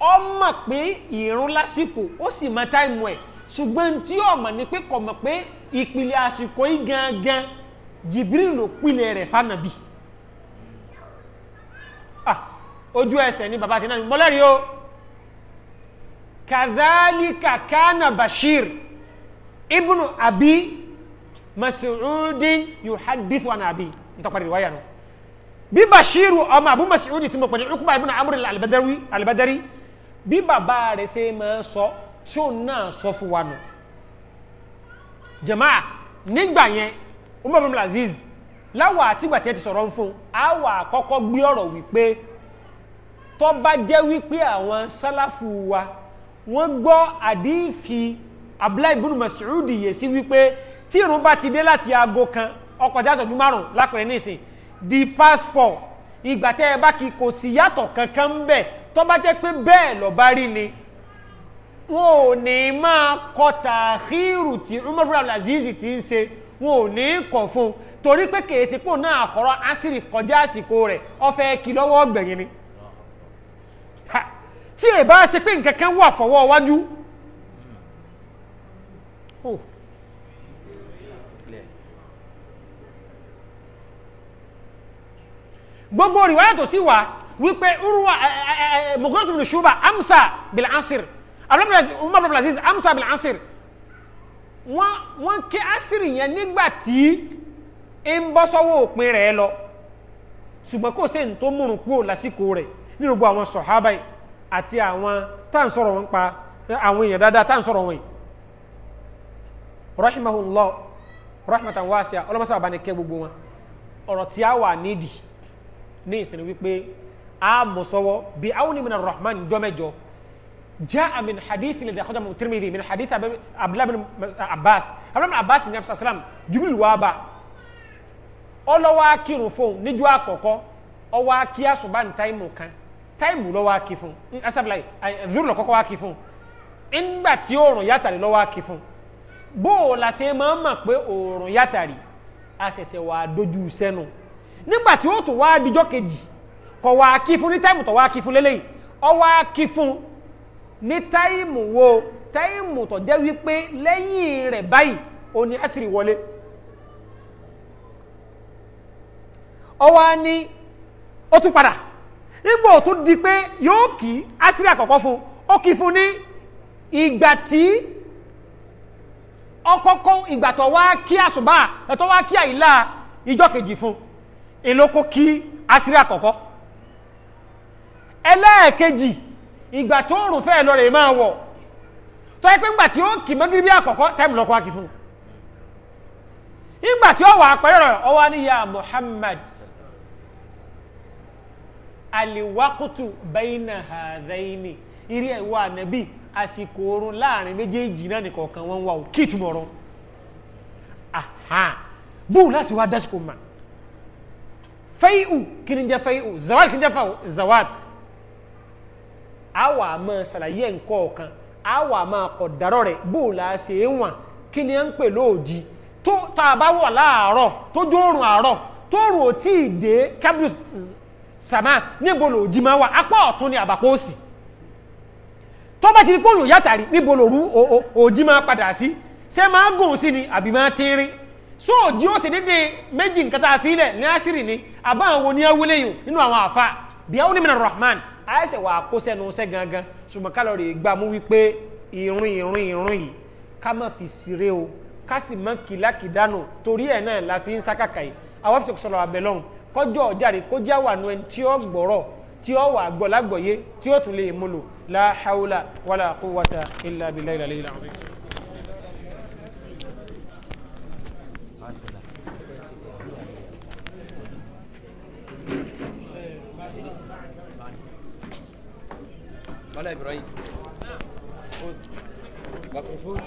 ọ mọ̀ pé ìrún lásìkò ó sì mọ táìmù ẹ̀ ṣùgbọ́n tí ó mọ̀ ni pé kò mọ̀ pé ìpìlẹ̀ àsìkò yìí gangan jìbìrì ló pilẹ̀ rẹ̀ fànàbì ah, ojú ẹsẹ̀ ni bàbá tinubu mọ́lẹ́rì o kàdálíkà kánà bashir ibnu abi mas'udin yuhadithu anabi ntọ́pàdé ìwáyà náà bí bashiru ọmọ abu mas'udi tí mo pè ní ukuba ibn amr al-badari al-badari bí bàbá rẹ̀ ṣe máa sọ tí òun náà sọ fún wa nù jàmáà nígbà yẹn umar bin aziz láwà àtìgbà tí ẹ ti sọ̀rọ̀ ń fún àwà àkọ́kọ́ gbé ọ̀rọ̀ wípé tó bá wípé àwọn sálàfù wa wọ́n gbọ́ àdífi abdullahi ibn mas'udi yè sí wípé tí irun bá ti dé láti aago kan ọkọ̀ jásọ̀ ju márùn-ún lápẹ̀rẹ̀ nísìn di passport ìgbà tẹ́ ẹ bá kí kò sí yàtọ̀ kankan ń bẹ̀ tó bá jẹ́ pé bẹ́ẹ̀ lọ bá rí ni wọn ò ní máa kọ tàhírù tí Umar ibn Abdulaziz ti ń ṣe wọn ò ní kọ̀ fún un torí pé kèèsì pò náà àkọ́rọ́ asiri kọjá àsìkò rẹ̀ ọfẹ́ kí lọ́wọ́ ọgbẹ̀yìn ni tí ẹ bá ṣe pé nǹkan wà fọwọ́ wájú gbogbo rìwáyà tó sì wá wípé urwa mukunatu bin shuba amsa bil asir umar bin aziz amsa bil asir wọ́n kí asir yẹn nígbà tí ń bọ́ sọ́wọ́ òpin rẹ̀ lọ ṣùgbọ́n kò sí ní tó múrun kúrò lásìkò rẹ̀ nínú gbogbo àwọn sọ̀hábà àti àwọn tá à ń sọ̀rọ̀ wọn pa àwọn èèyàn dáadáa tá à ń sọ̀rọ̀ wọn yìí rahimahullah rahmatan wasi'a ọlọ́mọsàbà ni gbogbo wọn ọ̀rọ̀ tí a wà nídìí ní ìsinmi wípé a mọ̀ sọ́wọ́ bí àwọn ènìyàn rahman jọ́mẹ́jọ já àmì hadith ilẹ̀ dàkọ́jà mọ̀ Tirmidhi min hadith abdullahi abbas abdullahi abbas ní absa salam jubil wa ba ọlọ́wọ́ akírun fún níjọ́ àkọ́kọ́ ọwọ́ akí àṣùbá ní táìmù kan táìmù lọ́wọ́ akí fún asabulai zuru lọ́kọ́kọ́ wá kí fún ńgbà tí oòrùn yàtàrí lọ́wọ́ akí fún bóòlà ṣe máa ń mọ̀ pé oòrùn yàtàrí àṣẹ̀ṣẹ̀ wà dójú sẹ́nu nígbà tí ó tún wá dijọ́ kejì kọ̀ wá kí fún ní táìmù tó wá kí fún lélẹ́yìn ọ wá kí fún ní táìmù wo táìmù tó jẹ́ wípé lẹ́yìn rẹ̀ báyìí ó ní àṣírí wọlé ọ wá ní ó tún padà nígbà tún di pé yóò kí àṣírí àkọ́kọ́ fún ó kí fún ní ìgbà tí ọkọ̀ọ̀kan ìgbà tó wá kí àsùbá tó wá kí àìlà ìjọ́ kejì fún un ìlókó kí asírí àkọ́kọ́ ẹlẹ́ẹ̀kejì ìgbà tó rùn fẹ́ lọ rẹ̀ máa wọ̀ tọ́ ẹ pé ńgbà tí ó kì mọ́gírí bí àkọ́kọ́ tẹ́mù lọ́kọ́ wákì fún ìgbà tí ó wà pẹ́rẹ̀ ọwá níyà Muhammad aliwakutu bayna hadaini irí ẹ̀wọ́ ànábì àsìkò oorun láàrin méjèèjì náà nìkọ̀ọ̀kan wọn wà ó kí ìtumọ̀ ọ̀rọ̀ bóun láti wá dásìkò máa fẹ́yìú kí ni jẹ́ fẹ́yìú zawad kí ni jẹ́ fẹ́yìú zawad àwa máa ṣàlàyé nǹkan ọ̀kan àwa máa kọ̀ dárọ̀ rẹ̀ bó la ṣe é wọ̀n kí ni à ń pè lóòjì tó tá a bá wà láàárọ̀ tó dóorùn àárọ̀ tóorùn ò tí ì dé kábíyù sàmà níbo lòòjì máa wà apá ọ̀tún ni àbàpọ̀ òsì tó bá ti di pòlù yàtàrí níbo lòòjì máa padà sí ṣé máa gùn sí ni àbí máa tínrín sóò jí ó sì dédé méjì nǹkan tá a filẹ̀ ní àṣírí ni àbá àwọn ní awúlé yìí nínú àwọn àfa bíi àwọn onímọ̀ rahman àyẹ̀sẹ̀ wà kó sẹ́nu sẹ́ gangan ṣùgbọ́n ká lọ rè gbà mú wípé ìrún ìrún ìrún yìí ká má fi ṣeré o ká sì má kìlákìdánù torí ẹ̀ e náà la fi ń sákàkà yìí àwọn fi sọ̀rọ̀ àbẹ̀ lọ́hùn kọjọ́ ọ̀járe kó já wà nù ẹni tí ó gbọ́rọ̀ tí ó wà gbọ́ lágbọ̀yé tí ó tún lè múlò la hawla wala quwwata illa billahi ilà ilà ilà ولا ابراهيم بص مطرفون